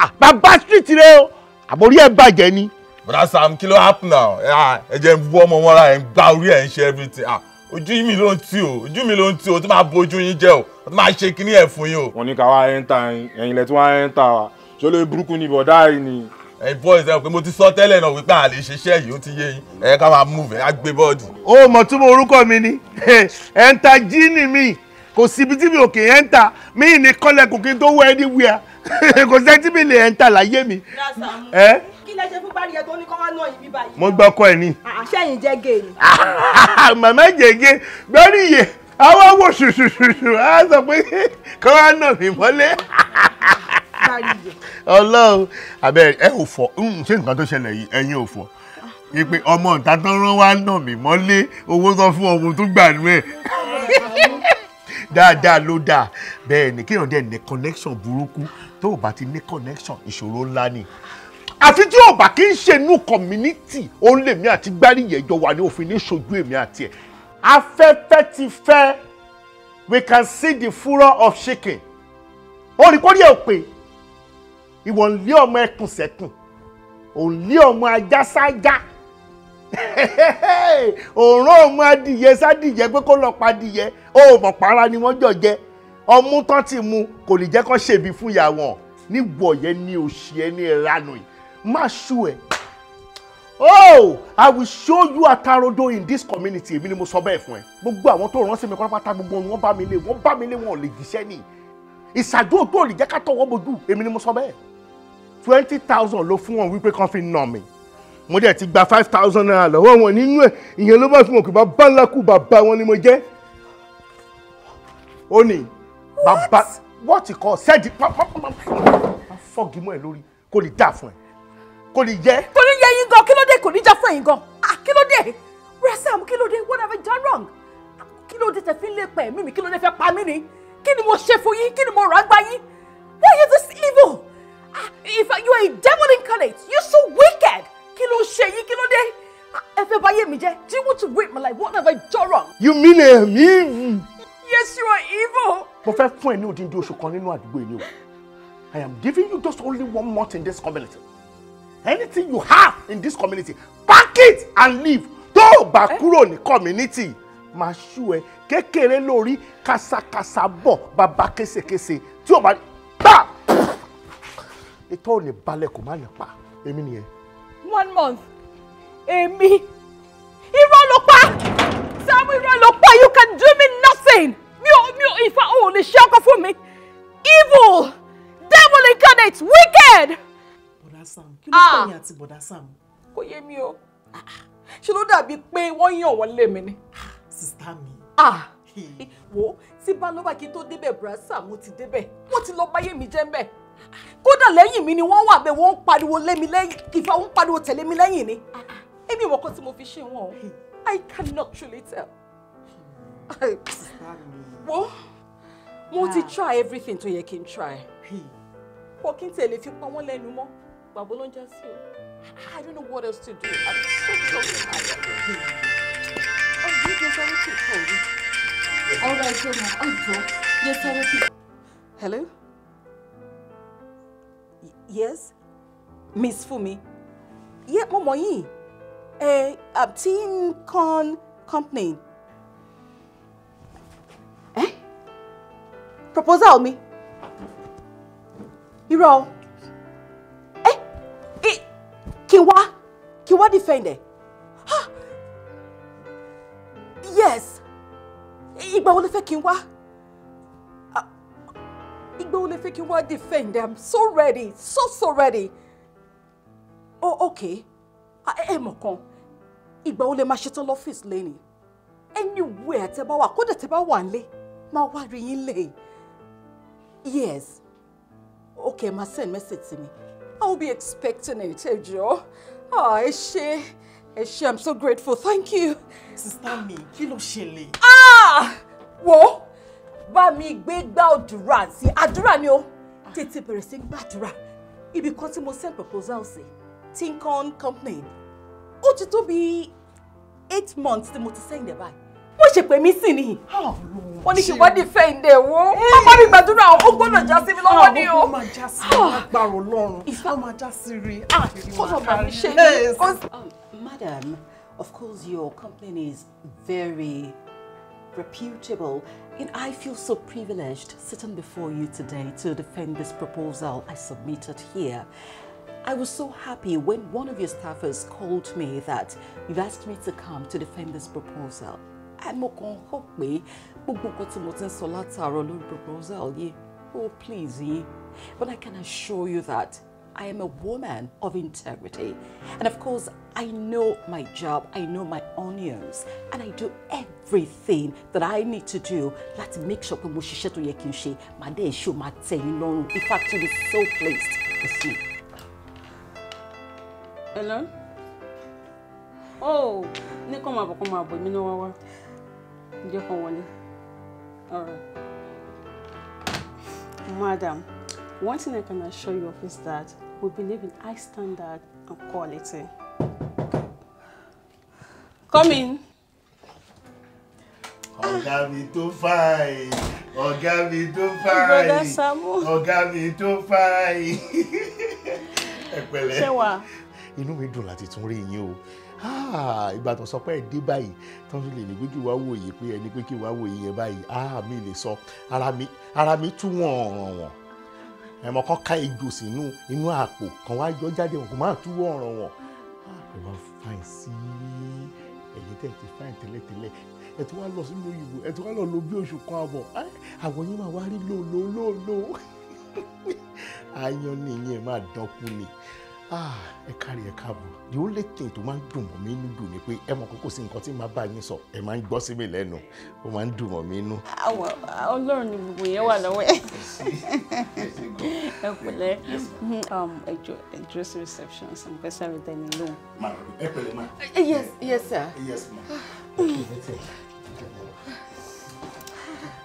ah, bàbá street rẹ̀ o àbórí ẹ̀ bàjẹ́ ni. brother Sam kí ló happen now ah, ẹ jẹ́ ń bú ọmọ wọn ra ẹ̀ ń gbá orí ẹ̀ ń ṣe everything. Ah ojú mi ló ń tì o ojú mi ló ń tì o tó máa bójú yín jẹ o tó máa ṣe kíní ẹ fún yín o. wọ́n ní ká wá ẹńtà ẹ̀yin lẹ tí wọ́n á ẹńtà wa ṣó lè burúkú ni bọ̀dá yìí ni. ẹ boys ẹ pé mo ti sọ tẹ́lẹ̀ náà wípé a lè ṣiṣẹ́ yìí ó ti yé yín ẹ ká máa move ẹ á gbé bọ́ọ̀dù. ó mọ̀ tí mo orúkọ mi ni ẹ̀ńtà jí ni mi kò síbi tí mi ò kì í ẹ̀ńtà mi ní kọ́lẹ̀ kò kí n tó wọ anywhere <laughs> kò sẹ́ńtì mi lè ẹ̀ńtà láyé mi lẹ ṣe fún bárìyẹ tó ní kọ́ wá náà yìí báyìí. mo gbọ́ kọ́ ẹ ní. àṣẹyìn ah, ah, jẹ́ gé ni. Ah, <laughs> màmá jẹ́gẹ́ bárìyẹ àwa wò ṣùṣùṣùṣù á sọ pé <laughs> kọ́ wá náà mi mọ́lé. ọlọ́run abẹ́ ẹ ò fọ hmm, ṣé nǹkan tó ṣẹlẹ̀ yìí ẹ̀yin ò fọ ìpè ọmọ ìta tó rán wá náà mi mọ́lé owó sọ fún ọmọ tó gbà nú ẹ̀ <laughs> dáadáa ló dáa bẹ́ẹ̀ ni kéèyàn dẹ̀ ní connection burúkú tó o bá ti ní connection ìṣòro ńlá ni àfi tí ò bá kí n ṣe inú community òun lèmi àti Gbáríyẹ̀ jọ wà ní òfin ní ṣojú èmi àti ẹ̀ afẹ́fẹ́ ti fẹ́ we can see the furor of shaking oríkórí ẹ̀ ò pé ìwọ ń lé ọmọ ẹkùn sẹ́kùn ò ń lé ọmọ ajá sájá òòrùn <laughs> ọmọ adìyẹ sádìyẹ pé kó lọ pa adìyẹ ó mọ̀ para ni wọ́n jọ jẹ ọmú tán ti mu kò lè jẹ́ kó ṣèbí fún ìyá wọn níwọ̀ yẹn ní òṣì ẹni ìranù yìí má ṣú ẹ oh i will show you atarodo in this community èmi ni mo sọ bẹ́ẹ̀ fún ẹ gbogbo àwọn tó ránṣẹ́ mi pátápátá gbogbo wọn bá mi lé wọn bá mi lé wọn ò lè jíṣẹ́ ni ìṣàdúró tó lè jẹ́ ká tọwọ́ bojú èmi ni mo sọ bẹ́ẹ̀ twenty thousand ló fún wọn wípé kàn fi nà mí mo dẹ̀ ti gba five thousand naira lọ́wọ́ wọn nínú ẹ̀ ìyẹn ló bá fi mọ̀ pé bàbá ńlá kù bàbá wọn ni mo jẹ́ ó ní bàbá wọ́ọ̀tì kọ́ sẹ́ẹ̀dì pàápàá fọ́ọ̀gì mọ́ ẹ lórí kó lè dà fún ẹ kò ní jẹ́. kò ní yẹ yín gan kí ló dé kò ní já fún ẹ̀yin gan ah kí ló dé rasam kí ló dé what have I done wrong kí ló dé tẹ fi ń lè pẹ̀ mí mi kí ló dé fẹ́ pa mí ni kí ni mo ṣe fún yín kí ni mo rà gbá yín why you? this evil ah if you are a devil incarnate you so wicked kí ló ṣe yín kí ló dé ah, ẹ fẹ́ báyé mi jẹ́ do you want to rape my life what have I done wrong. you mean I'm eh, evil. yes you are evil. mo fẹ́ fún ẹ ní odindi oṣù kan nínú àdúgbò yìí o I am giving you just only one month in this community anything you have in this community pack it and leave tó o bá eh? kúrò ní community máa ṣú ẹ kékeré lórí kásákásá bọ̀ bàbá késekése tí o bá gbà ètò ò ní balẹ̀ kò má yàn pa èmi nìyẹn. one month èmi irọ́ ló pa Saamu irọ́ ló pa you can do me nothing mi ò mi ò ìfà ò lè ṣe ọkọ fún mi evil devil incarnate wicked bọ̀dá Sam kí ló pẹ̀yìn ah! àti bọ̀dá Sam. kò yé mi o ṣe ló dàbí pé wọ́n yàn wọ́n lé mi ni. sista mi. Ah! wo tí balọ́wà kí n tó débẹ̀ bọ̀dá Sam mo ti débẹ̀ wọ́n ti lọ báyé mi jẹ́ mbẹ̀ kódà lẹ́yìn mi ni wọ́n wà bẹ́ẹ̀ wọ́n ń pariwo lé mi lẹ́yìn ìfà wọ́n ń pariwo tẹ̀lé mi lẹ́yìn ni ah, èmi ìwọ̀n kan tí mo fi ṣe wọn o I cannot truly tell. wo mo ti try everything tó yẹ kí n try. kò kí n tẹ̀lé fi pa wọ́n lẹ́nu mọ́ àgbàgbọ́ ló ń jẹ́ sí o I don't know what else to do I'm so sorry my dear. ọ̀gbìn jẹ́ sọ́wọ́ sí ìkọ̀wé. ọ̀rọ̀ ẹ̀jọ̀ mọ̀ ọ̀jọ̀ jẹ́ sọ́wọ́ sí. Hello? yes? Miss Fumi? yé mo mọ̀ yín ẹ abtin con company. Eh? proposal mi irọ́ o kí wá kí wá defend ah! yes ìgbà wo lè fẹ́ kí n wá ah! ìgbà wo lè fẹ́ kí n wá defend am so ready so so ready oh okay ah, ẹ mọ̀ kan ìgbà wo lè máa ṣetán lọ́fíìsì lẹ́nu anywhere tẹ bá wà kódà tẹ bá wà nílé máa wá rí yín lẹ́yìn yes okay ma send message to me. I'll be expecting it, eh, ah, ẹ Oh, Eshe, Eshe, I'm so grateful. Thank you. Sister Me, kilo ló Ah! wo, ba mi gbé gbá àdúrà si adura ni o. Tètè bẹ̀rẹ̀ sí gbàdúrà. Ibi kan tí mo send proposal sí. Tincon Company. Ó ti tó bí eight months tí mo ti send ẹ̀ báyìí. wọ́n ṣe pè mí sí ni ah, wọ́n ní kí wọ́n ní fẹ́ ilé wo wọ́n bá mi gbàdúrà ó gbọ́dọ̀ já sí mi lọ́wọ́ ah, ni o. ó máa a sí agbára ah. ọlọ́run ó máa já um, madam of course your company is very reputable and I feel so privileged sitting before you today to defend this proposal I submitted here. I was so happy when one of your staffers called me that you've asked me to come to defend this proposal. mo kàn ń hò pé gbogbo nǹkan tí mo ti ń sọ látàárọ̀ lórí proposal yìí oh please yìí but I can assure you that I am a woman of integrity and of course I know my job I know my onions and I do everything that I need to do láti make sure pé mo ṣiṣẹ́ tó yẹ kí n ṣe màá dé ṣó máa tẹ̀yìn lọ́rùn in fact you be so pleased to see. hello oh ní kò máa bọ̀ kò máa bọ̀ èmi náà wá wá jẹ́ kàn madam one thing I can assure you of is that we believe in high standard and quality come in. ọ̀gá mi tó fàáyì ọ̀gá mi tó fàáyì ọ̀gá mi tó fàáyì <laughs> ẹ pẹ̀lẹ́ inú mi dùn láti tún rí yín o ìgbà tó sọ pé ẹ dé báyìí tó ń lè ní pé kí wàá wò yìí pé ẹni pé kí wàá wò yìí yẹn báyìí ah mi lè sọ ara mi ara mi tú wọn ọ̀ràn wọn ẹ̀mọ́ kan ká ejò sínú inú àpò kan wá yọ jáde wọn kò máa tú wọn ọ̀ràn wọn ẹ wá fáìn sí ẹ̀yìn tẹ̀ ti fáìn tẹ́lẹ̀tẹ́lẹ̀ ẹ ti wá lọ sínú òyìnbó ẹ ti wá lọ lo bí oṣù kan àbọ̀ àwọn yín máa wá rí lòlòlòlò àyàn <laughs> nìyẹn máa dọ́kú ni. Lo, lo, lo, lo Ah, ẹ kárí ẹ káàbọ̀ the only thing tó máa ń dùn mọ́ mi inú dùn ni pé ẹ mọ̀ kókò sí nǹkan tí màá bá yín sọ ẹ máa ń gbọ́ sí mi lẹ́nu ó máa ń dùn mọ́ mi inú. àwọn ọlọ́run ni gbogbo yẹn wà lọ́wọ́ ẹ ẹ pẹ̀lẹ́ um, ẹjọ address reception and special returning loan. ma ẹ pẹ̀lẹ́ ma. Uh, yes yes sir. yes ma.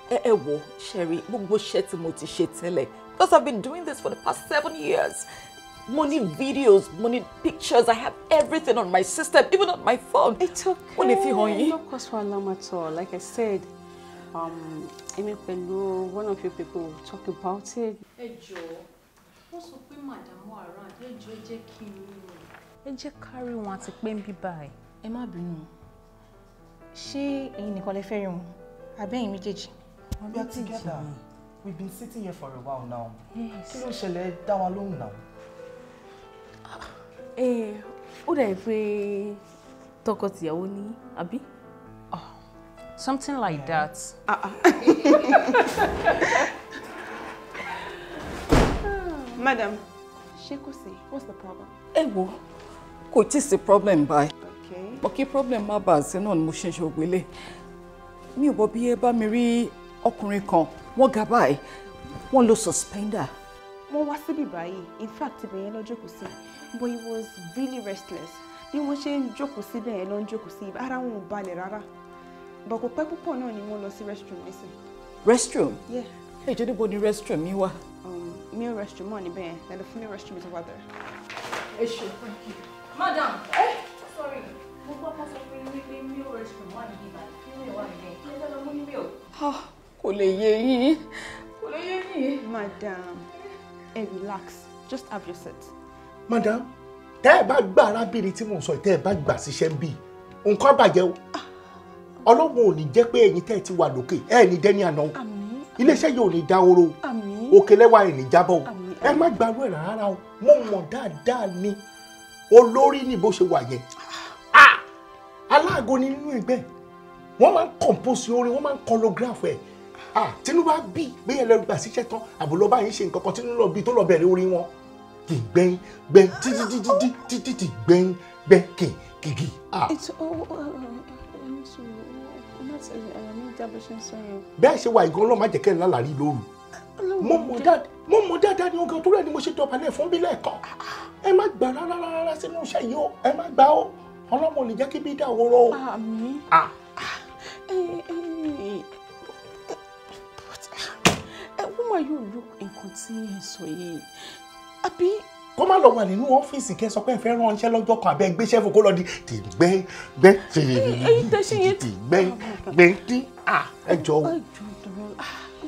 ẹ wò Sherry gbogbo iṣẹ́ tí mo ti ṣe tẹ́lẹ̀ because I've been doing this for the past seven years. Money videos money pictures i have everything on my system even on my phone. it's okay mo lè fi hàn yín. no cause for alarm at all like i said um, èmi um, pẹ̀lú one of your people will talk about it. ẹ jọ̀ọ́ wọ́n sọ pé màdàmú around ẹ jọ̀ọ́ jẹ́ kí n rí wọn. ẹ jẹ́ ká rí wọn àti She ń bí báyìí. ẹ má bínú ṣé ẹ̀yin we are together we been sitting here for a while now kí ló ṣẹlẹ̀ dá wa lóhùn náà ó dàbí pé tọkọ-tìyàwó ní àbí. Ah, something like that. Ah, ah. <laughs> madam ṣé kò sí what's the problem. ẹ wo kò tí ì sí problem báyìí pọ̀ kí problem má bàa sí náà ni mo ṣe ń ṣe ògbélé mi ò bọ bí ẹ bá mi rí ọkùnrin kan wọ́n ga báyìí wọ́n lo suspender wọ́n wá síbí báyìí in fact ibẹ̀ yẹn ló jókòó sí but he was really restless bí wọ́n ṣe ń jókòó síbẹ̀ yẹn ló ń jókòó sí ara wọn ò balẹ̀ rárá but kò pẹ́ púpọ̀ náà ni wọ́n lọ sí restroom ẹ̀sìn. restroom? yeah. ẹ jẹ́ níbo ni restroom mi wà. Um, male restroom wà níbẹ̀ yẹn na the female restroom is over there. ẹ ṣe thank you. madam ẹ eh? sorry mo gbọ́ pásọ pé ní pé male restroom wà níbí báyìí female wà níbẹ̀ yẹn kí ló fẹ́ lọ mú ní male. Ah, kò lè yé yín kò lè yé yín. madam ẹ relax just have your set, madam tẹ́ ẹ bá gbà arábìnrin tí mò ń sọ tẹ́ ẹ bá gbà síṣẹ́ ń bì nǹkan bàjẹ́ o ah. ọlọ́run ò ní jẹ́ pé ẹ̀yin tẹ́ ẹ ti wà lókè ẹ̀ ní dẹ́ni àná iléeṣẹ́ yóò ní dáhóró òkèlẹ́wà ẹ̀ ní jábọ̀ ẹ má gbàrú ẹ̀ rárá o mo mọ̀ dáadáa ni olórí ni bó ṣe wà yẹn ah! aláàgọ́ ni nínú ẹgbẹ́ wọ́n máa ń compose orin wọ́n máa ń choreograph ẹ̀ ah tinubu á bí bí ẹ lọ gbà síṣẹ́ tán àbò lọ bá yín ṣe nǹkan kan tinubu lọ bí tó lọ bẹ̀rẹ̀ orí wọn kì í gbẹ̀yìn gbẹ̀yìn títí títí títí títí gbẹ̀yìn gbẹ̀ kì kì kì. Ah. Oh, oh, oh, bẹ́ẹ̀ ṣe wà ìgan ọlọ́mọ àjẹkẹ́ ńlá làrí lóru mo mọ dáadáa ni oge òtúrẹ́ ni mo ṣe dọ̀bálẹ̀ fún bí lẹ́ẹ̀kan ẹ má gbà rárá rárá sínú iṣẹ́ yìí o ẹ má gbà o ọlọ́mọ ò lè jẹ́ kí bí dáwọ́rọ́ o. àmín. Ah. Eh, eh, wà yóò lu nǹkan tí ẹ sọ yìí àbí. kó má lọ wà nínú ọ́fíìsì kẹ́ sọ pé ẹ fẹ́ ránṣẹ́ lọ́jọ́ kan àbẹ́ gbéṣẹ́ fún kó lọ di tì gbẹ́ gbẹ́ tì gbẹ́ gbẹ́ tí à ẹ jọ. ẹ jọ dùn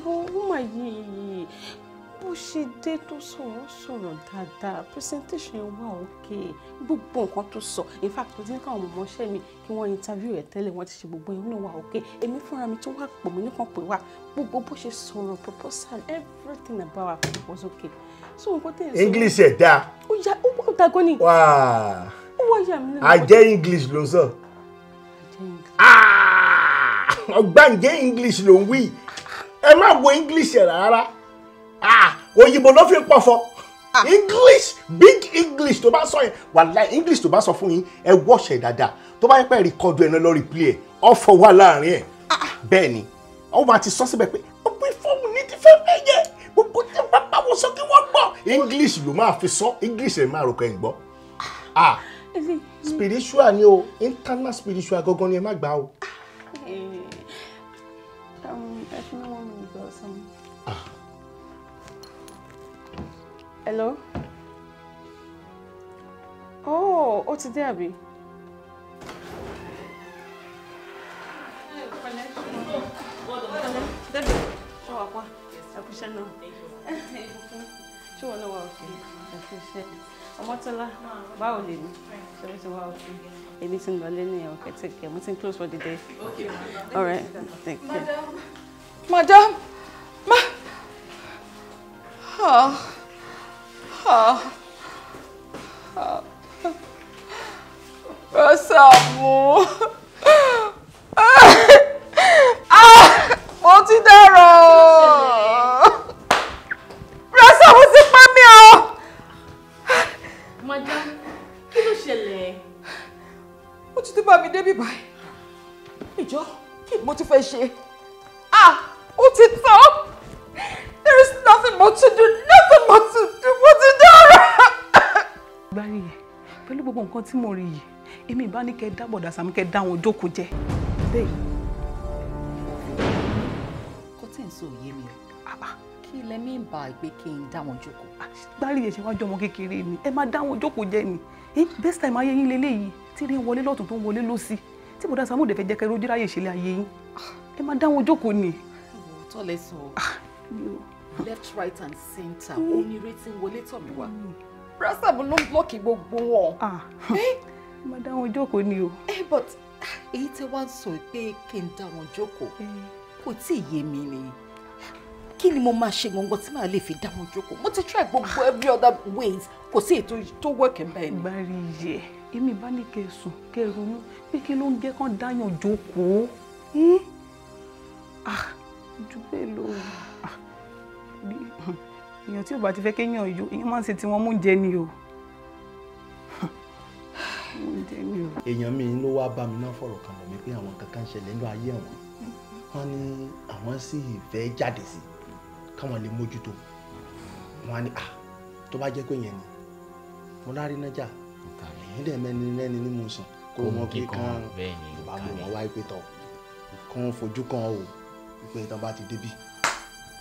ún wọ́n máa yí ṣe dé tó sọ̀rọ̀ sọ̀rọ̀ dáadáa presentation wà òkè gbogbo nǹkan tó sọ in fact mo ti ní káwọn ọmọọṣẹ́ mi kí wọ́n interview rẹ̀ tẹ́lẹ̀ wọ́n ti ṣe gbogbo yẹn náà wà òkè èmi fúnra mi tó wà pọ̀ mí nìkan pé wà gbogbo bó ṣe sọ̀rọ̀ proposal everything about our was okay so nǹkan tẹ̀ ń sọ. english ẹ̀ dáa. ó yà ó wọ́n dago ni. ó wọ́n yà mí lẹ́nu. àjẹ́ english ló sọ. Ah! ọgbàǹjẹ́ english ló ń wí ẹ má wo english rárá. Ah! òyìnbó ló fi pọ̀fọ́ ah. english big english tó bá sọ yẹn wàhálà english tó bá sọ fún yín ẹ wọ́ọ̀ṣẹ̀ dáadáa tó bá yẹ pé rìkọ́dù ẹ̀ náà lọ́ọ́ replay ẹ̀ ọ̀fọ̀ wà láàrin ẹ̀ ah, ah. bẹ́ẹ̀ ni ó máa ti sọ síbẹ̀ pé ó pín fọ́ọ̀mù ní ti fẹ́ẹ́ yẹ gbogbo tí wọ́n bá wọ́n sọ kí wọ́n gbọ́. english ló máa fi sọ english ẹ̀ máa rò kẹ́ ẹ̀ gbọ́ spiritual ni o internal spiritual gangan ni ẹ má gbà o. Eh, um, ẹ fún mi wọ́n mi gbọ́ sọ́mu. Hello? Oh, ó ti dé àbí? ṣé wọn náà wà òkè ẹkú iṣẹ́ ọmọtọlá báwo lè ní ṣé wọn ti wà òkè èmi ti ń lọ lẹ́nu ẹ̀ ọ̀kẹ́ take care mo ti ń close for the day all right take care. madam ma. Oh. Sàámú. Ah, mo ti dárò. Sàámú ti pa mí o. Màdá, kí ló ṣẹlẹ̀? Ó ti tún bá mi débi báyìí. Ìjọ, kí mo ti fẹ́ ṣe? nǹkan tí mo rí yìí èmi ìbá ní kẹ́ dá bọ̀dà Sàámú kẹ́ dá wọn jókòó jẹ. bẹ́ẹ̀ kọ́ tí ń mi kí lẹ mí bá ìgbé kí n dá wọn jókòó. gbárí ah, yẹn ṣe wá kékeré ni ẹ máa dá wọn jókòó jẹ ni best time ayé yín lélẹ́yìí tí rí wọlé lọ́tún tó ń wọlé lọ́sí tí bọ̀dà Sàámú dẹ̀ fẹ́ jẹ́ kẹ́ rojú ráyè ìṣẹ̀lẹ̀ ayé yín ẹ máa dá wọn jókòó ni. òótọ́ lẹ sọ ah, left right and center ó mm. ní retí wọlé tọ̀ rasab ló ń blọ́ọ̀kì gbogbo wọn. Ah, eh? <laughs> má dá wọn jókòó ni o. ẹ eh, but ah, èyí tẹ wá ń sọ pé kí n dá wọn jókòó eh. kò tí ì yé mi ni kí ni mo máa ṣe gbọ̀ngàn tí màá lè fi dá wọn jókòó mo ti try gbogbo every other ways kò sí ètò tó work ẹ̀ báyìí. gbàrí yẹ èmi bá ní kẹ sùn kẹ ronú pé kí ló ń jẹ́ kán dáyàn jókòó hmm? ah, ju bẹ́ẹ̀ lọ rí èèyàn tí ò bá ti fẹ́ kéèyàn yó èèyàn máa ń ṣe tí wọ́n mú jẹ ni o èèyàn mi ló wá bá mi náà fọ̀rọ̀ kan mọ̀ mí pé àwọn kankan ṣẹlẹ̀ nínú ayé àwọn wọn ní àwọn sì fẹ́ jáde sí káwọn lè mójútó wọn ní ah tó bá jẹ́ pé yẹn ni mo lárí nájà èyí dẹ̀ mẹ́ni lẹ́ni ní mo sàn kó wọn pé kan ìbámu wọn wáyé pé tọ̀ kó wọn fojú kan o pé tán bá ti débì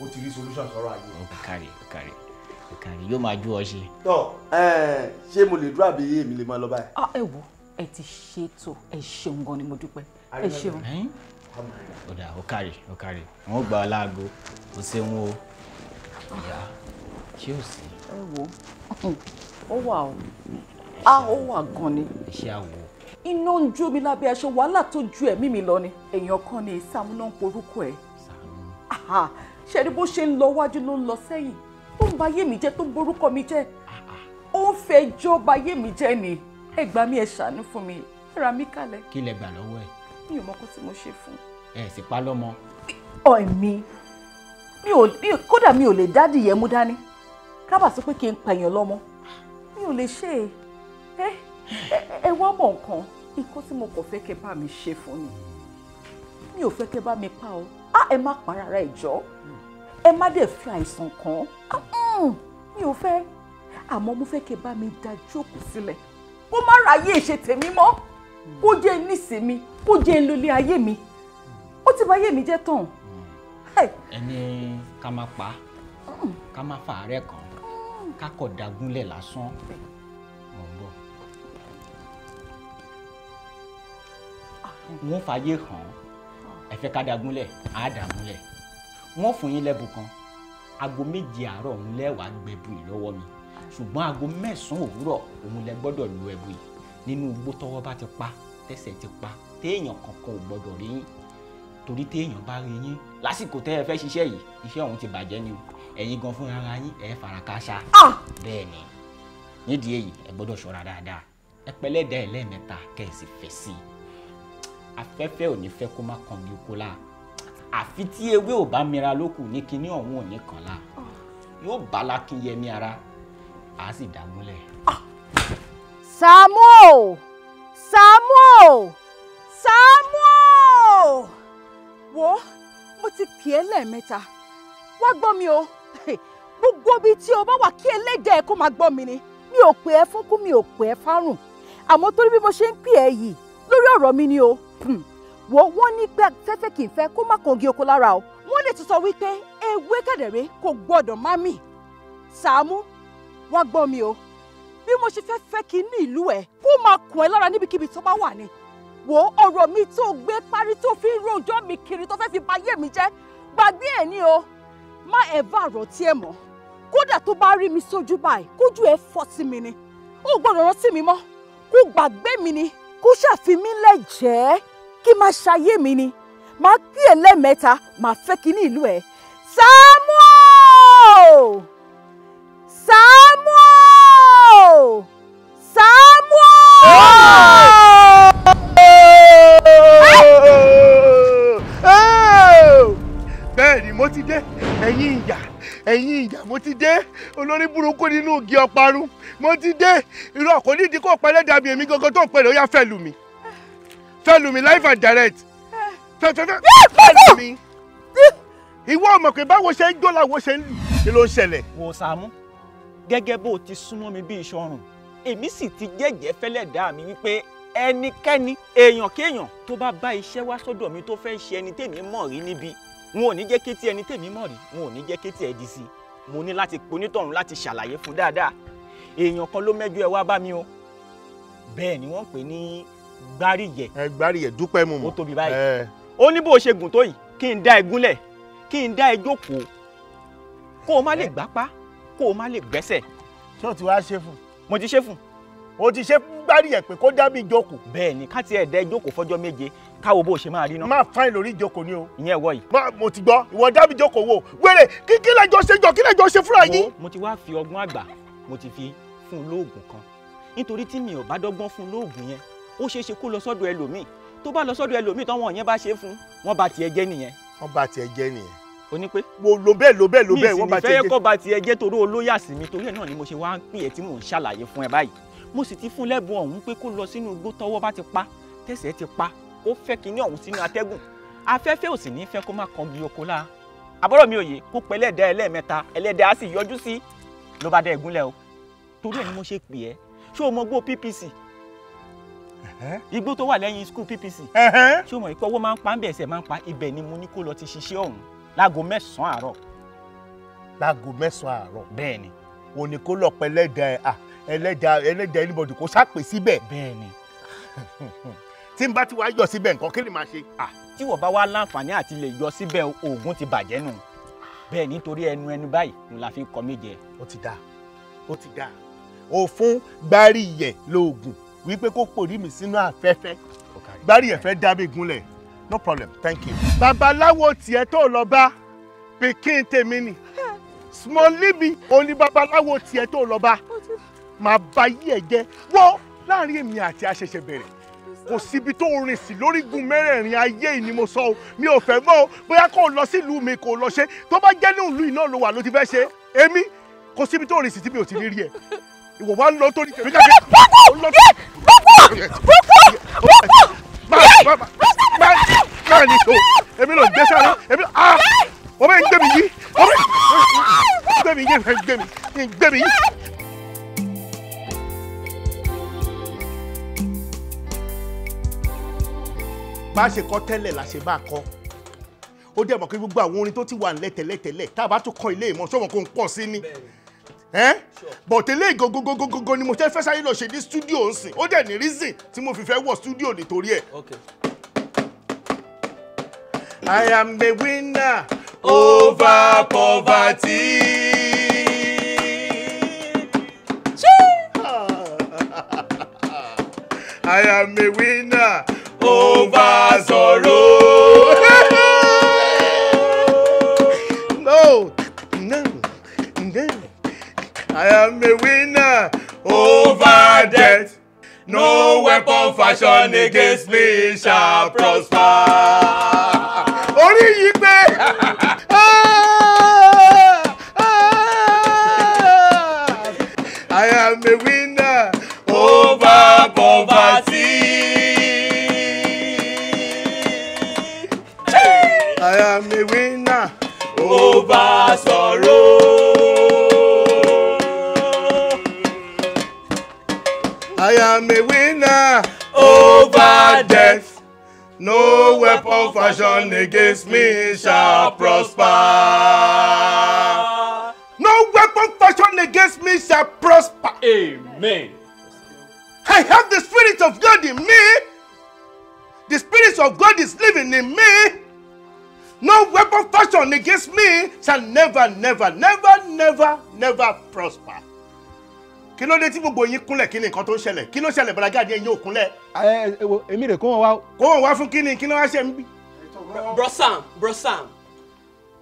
ó ti rí solution sọ̀rọ̀ ayé. ó kárí ó kárí ó kárí yóò máa ju ọ ṣe. tọ ṣé mo lè dúró àbí èmi lè máa lọ báyìí. Ah, ẹ wo ẹ ti ṣètò ẹ ṣeun gan ni mo dúpẹ́ ẹ ṣeun. ó dà ó kárí ó kárí wọn ò gbà ọ láago ó ṣeun o ìyá ṣé ò sí. ẹ wo <laughs> ó wà ah, ó a ó wà gan ni. iṣẹ́ àwọ̀. iná ń jó mi lábẹ́ aṣọ wàhálà tó ju ẹ̀mí mi lọ ni èèyàn kan ni Sàámú náà ń porúkọ ẹ̀. Sàámú ṣe rí bó ṣe ń lọ wájú ló ń lọ sẹ́yìn tó ń ba ayé mi jẹ́ tó ń borúkọ mi jẹ́ ó ń fẹ́ jọ́ ba ayé mi jẹ́ ni ẹ gbà mí ẹ ṣàánú fún mi ra mi kalẹ̀. kí lẹ gbà lọ́wọ́ ẹ̀. mi ò mọ kó tí mo ṣe fún. ẹ sì pa lọ́mọ. ọ̀ mi mi ò kódà mi ò lè dádì yẹn mú dání kábà sọ pé kí n pààyàn lọ́mọ mi ò lè ṣe é ẹ wá mọ̀ nǹkan nǹkan tí mo kàn fẹ́ kẹ́ bá mi ṣe fún ni mi ò fẹ́ kẹ́ bá mi pa o á ẹ má pa rárá ìjọ ẹ má dẹ̀ fi àìsàn kàn án mi ò fẹ́ àmọ́ mo fẹ́ kẹ́ bá mi dá jókòó sílẹ̀ kó má ráyè ṣe tèmi mọ́ kó jẹ́ nísìmi kó jẹ́ lólé ayé mi ó ti bá ayé mi jẹ́ tán. Mm. Eh. ẹni ká má pa mm. ká má fàárẹ̀ kàn mm. ká kọ̀ dagúnlẹ̀ lásán. wọ́n ah. fàyè hàn ẹ fẹ́ ká dagunlẹ̀ á dagunlẹ̀ wọ́n fún yín lẹ́bùn kan aago méje àárọ̀ òun lẹ́wàá gbẹ̀bù yìí lọ́wọ́ mi ṣùgbọ́n aago mẹ́sàn-án òwúrọ̀ òun lẹ gbọ́dọ̀ lu ẹ̀bù yìí nínú igbó tọwọ́ bá ti pa tẹsẹ̀ ti pa téèyàn kankan ò gbọ́dọ̀ rí yín torí téèyàn bá rí yín lásìkò tẹ́ ẹ fẹ́ ṣiṣẹ́ yìí iṣẹ́ ọ̀hún ti bàjẹ́ ni o gan fúnra ara yín ẹ̀ fara káṣá ah! bẹ́ẹ̀ ni nídìí èyí ẹ gbọ́dọ̀ ṣọ́ra dáadáa ẹ pẹ̀lẹ́dẹ̀ẹ́ lẹ́ẹ̀mẹ́ta kẹ́ ẹ sì fèsì afẹ́fẹ́ ò ní fẹ́ kó má kàn gíkó la àfi tí ewé ò bá mira lókù ní kinní ọ̀hún ò ní kàn la yóò bá lákínyẹmí ara àá sì dàgúnlẹ̀. Sàámú o Sàámú o Sàámú o wo mo ti kì í lẹ́ẹ̀mẹ́ta wá gbọ́ mi o gbogbo ibi tí o bá wà kí elédè kó máa gbọ́ mi ni mi ò pè é fún kú mi ò pè é fárùn àmọ́ torí bí mo ṣe ń pè é yìí lórí ọ̀rọ̀ mi ni o Hmm. wo wọ́n ní gbẹ fẹ́fẹ́ kì í fẹ́ kó má kòǹgì oko lára o wọ́n lè tún sọ wípé ewé kẹdẹrẹ kò gbọ́dọ̀ má mì Sàámú wá gbọ́ mi o bí mo ṣe fẹ́ fẹ́ kí ní ìlú ẹ̀ kó máa kùn ẹ́ lára níbikíbi tó bá wà ni wo ọ̀rọ̀ mi tó gbé parí tó fi ń rojọ́ mi kiri tó fẹ́ fi bayé mi jẹ́ gbàgbé ẹ̀ ní o má ẹ̀ bá àròtí ẹ̀ mọ́ kódà tó bá rí mi sójú báyìí kójú ẹ̀ fọ́ sí mi ni ó gbọ́dọ̀ rántí mi mọ́ kó gbàgbé mi ni kó ṣàfimílẹ̀ jẹ́ kí máa ṣayé mi ni máa pí ẹ lẹ́mẹ́ta máa fẹ́ kí ní ìlú ẹ̀ Sàámú o Sàámú o mo ti dé ẹ̀yin ìyá ẹ̀yin ìyá mo ti dé olórí burúkú nínú ògì ọparun mo ti dé irọ́ kò nídìí kó pẹ́ lẹ́dàá bí èmi gangan tó ń pẹ̀lẹ́ ó fẹ́ lù mí fẹ́ lù mí live and direct fẹ́ fẹ́ fẹ́ ah, fẹ́ lù mí ìwọ ọmọ pé báwo ṣe ń jó làwọn ṣe ń lù kí ló ń ṣẹlẹ̀. wò Sàámú gẹ́gẹ́ bó o ti súnmọ́ mi bí ìṣọrùn èmi sì ti jẹ́jẹ́ fẹ́lẹ̀ dá mi wípé ẹnikẹ́ni èèyàn kéèyàn tó bá bá iṣẹ́ wá sọ́dọ̀ mi tó fẹ́ ṣe ẹni tèmi mọ̀ rí níbi wọn ò ní jẹ́ kétí ẹni tèmi mọ̀ rí wọn ò ní jẹ́ kétí ẹ̀ dì sí mo ní láti ponítọ̀run láti ṣàlàyé fún dáadáa èèyàn kan ló mẹ́jọ ẹ wá bá mi o bẹ́ẹ̀ ni wọ́n ń pè ní gbáríyẹ. ẹ gbáríyẹ dúpẹ́ mu mọ̀ ó tóbi báyìí ó ní bó o ṣe gùn tó yìí kí n dá ẹ gúnlẹ̀ kí n dá ẹ jókòó kó o má lè gbápá kó o má lè gbẹ́sẹ̀. ṣé o ti wá ṣe fún. mo ti ṣe fún. o ti ṣe fún gbáríyẹ pé kó dá jókòó. bẹ́ẹ̀ ni ká tiẹ̀ dá ẹ jókòó fọjọ́ méje káwo bó o ṣe máa rí náà. máa fáìn lórí ìjókòó ni o. ìyẹn ẹ̀wọ́ yìí. má mo ti gbọ́ ìwọ dá jókòó wò wéré kí kí lẹ́jọ́ ṣe jọ kí lẹ́jọ́ ṣe fúnra yín. mo ti wá fi ọgbọ́n àgbà mo ti fi fún un lóògùn kan nítorí tí mi ò bá dọ́gbọ́n fún un lóògùn yẹn ó ṣeé ṣe kó lọ sọ́dọ̀ ẹlòmíì tó bá lọ sọ́dọ̀ ẹlòmíì tọ́wọ́n yẹn bá ṣe fún wọn bá tiẹ̀ jẹ́ nìyẹn. wọ́n bá tiẹ̀ jẹ́ nìyẹn. o ní pé. wo lo bẹ́ẹ̀ lo bẹ́ẹ̀ lo bẹ́ẹ̀ wọ́n bá tiẹ̀ jẹ́. mi sì ní fẹ́ kọ́ bá tiẹ̀ jẹ́ torí olóyà sí mi torí ẹ̀ náà ni mo ṣe wá ń pè ẹ́ tí mò ń ṣàlàyé fún ẹ báyìí mo sì ti fún lẹ́bùn ọ̀hún pé kó lọ sínú igbó tọ́wọ́ bá ti pa tẹ̀sẹ̀ ti pa ó fẹ́ kinní ọ̀hún sínú atẹ́gùn afẹ́fẹ́ ò sì ní fẹ́ kó má kan bí oko lára àbọ̀rọ̀ mi òye kó pẹ́ ẹlẹ́dàá ẹlẹ́ẹ̀mẹ́ta ẹlẹ́dàá sì yọjú sí ló bá dá ẹ̀gúnlẹ̀ o torí ẹ̀ ni mo ṣe pè ẹ́ ṣé o mọ gbó ppc igbó tó wà lẹ́yìn school ppc ṣé o mọ̀ ìpẹ́ owó máa ń pa ń bẹ̀ ẹsẹ̀ máa ń pa ibẹ̀ ni mo ní kó lọ ti ṣiṣẹ́ ọ̀hún láago mẹ́sàn-án àárọ̀. láago mẹ́sàn-án àárọ̀. bẹ́ẹ̀ ni. òní kó lọ pẹ́ ẹlẹ́dàá ẹlẹ́dàá ẹlẹ́dàá anybody kó sápè síbẹ̀. bẹ́ẹ̀ ni. tí n bá ti wá yọ síbẹ̀ nǹkan kí ni màá ṣe. tí wọ́n bá wá láǹfààní àti lè yọ síbẹ̀ oògùn ti bàjẹ́ nù bẹ́ẹ̀ nítorí ẹnu ẹnu báyìí ni la fi ń méje. ó ti dáa ó ti dáa òfun gbáríyẹ̀ lóògùn wípé kó pòrí mi sínú afẹ́fẹ́ gbáríyẹ̀ fẹ́ dábì gúnlẹ̀ no problem thank you. babaláwo tiẹ̀ tó lọ bá pikin tèmi ni small libi òní babaláwo tiẹ̀ tó lọ bá máa bá yí ẹ̀ jẹ́ wọ́ láàrin èmi àti àṣẹ̀ṣẹ̀ bẹ̀rẹ̀ kò síbi tó rìn sí lórígun mẹ́rẹ̀ẹ̀rin ayé yìí ni mo sọ o mi ò fẹ́ mọ́ o bóyá kò lọ sílùú mi kò lọ ṣe tó bá jẹ́ ní ìlú yìí náà ló wà ló ti fẹ́ ṣe èmi kò síbi tó rìn sí tí ò ti rí rí ẹ ìwọ wa lọ tó ní tèmi ká dé. máa ní so èmi ló gbé sára èmi ló ah wọ́n bẹ́ẹ̀ ń gbé mi yí wọ́n bẹ́ẹ̀ ń gbé mi yí ń gbé mi ń gbé mi yí. bá a ṣe kọ tẹ́lẹ̀ la ṣe máa kọ ó dẹ̀ mọ̀ pé gbogbo àwọn orin tó ti wà ń lẹ́tẹ̀lẹ́tẹ̀lẹ̀ tá a bá tún kọ ilé ìmọ̀ sọ́mọ̀ kó ń pọ̀ sí ni. Eh? bọ̀tẹ́ lé gogogogogo ni mo fẹ́ fẹ́ sáyé lọ ṣe ní studio nsìn ó dẹ̀ ní reason tí mo fi fẹ́ wọ̀ studio nítorí ẹ̀. I am the winner over poverty. <laughs> I am the winner over sorrow. <laughs> no, I am a winner over death. No weapon fashioned against me shall prosper. Only you, pé. I am a winner over poverty. I am a winner over sorrow. death, no weapon fashioned against me shall prosper. No weapon fashioned against me shall prosper. Amen. I have the Spirit of God in me. The Spirit of God is living in me. No weapon fashioned against me shall never, never, never, never, never prosper. kí ló dé tí gbogbo yín kúnlẹ̀ kí ni nǹkan tó ń ṣẹlẹ̀ kí ló ṣẹlẹ̀ bàlágà díẹ̀ yín ò kúnlẹ̀. ẹ ẹ èmi rè kó wọn wá. kó wọn wá fún kí ni kí ló wá ṣe ń bí. bro sam bro sam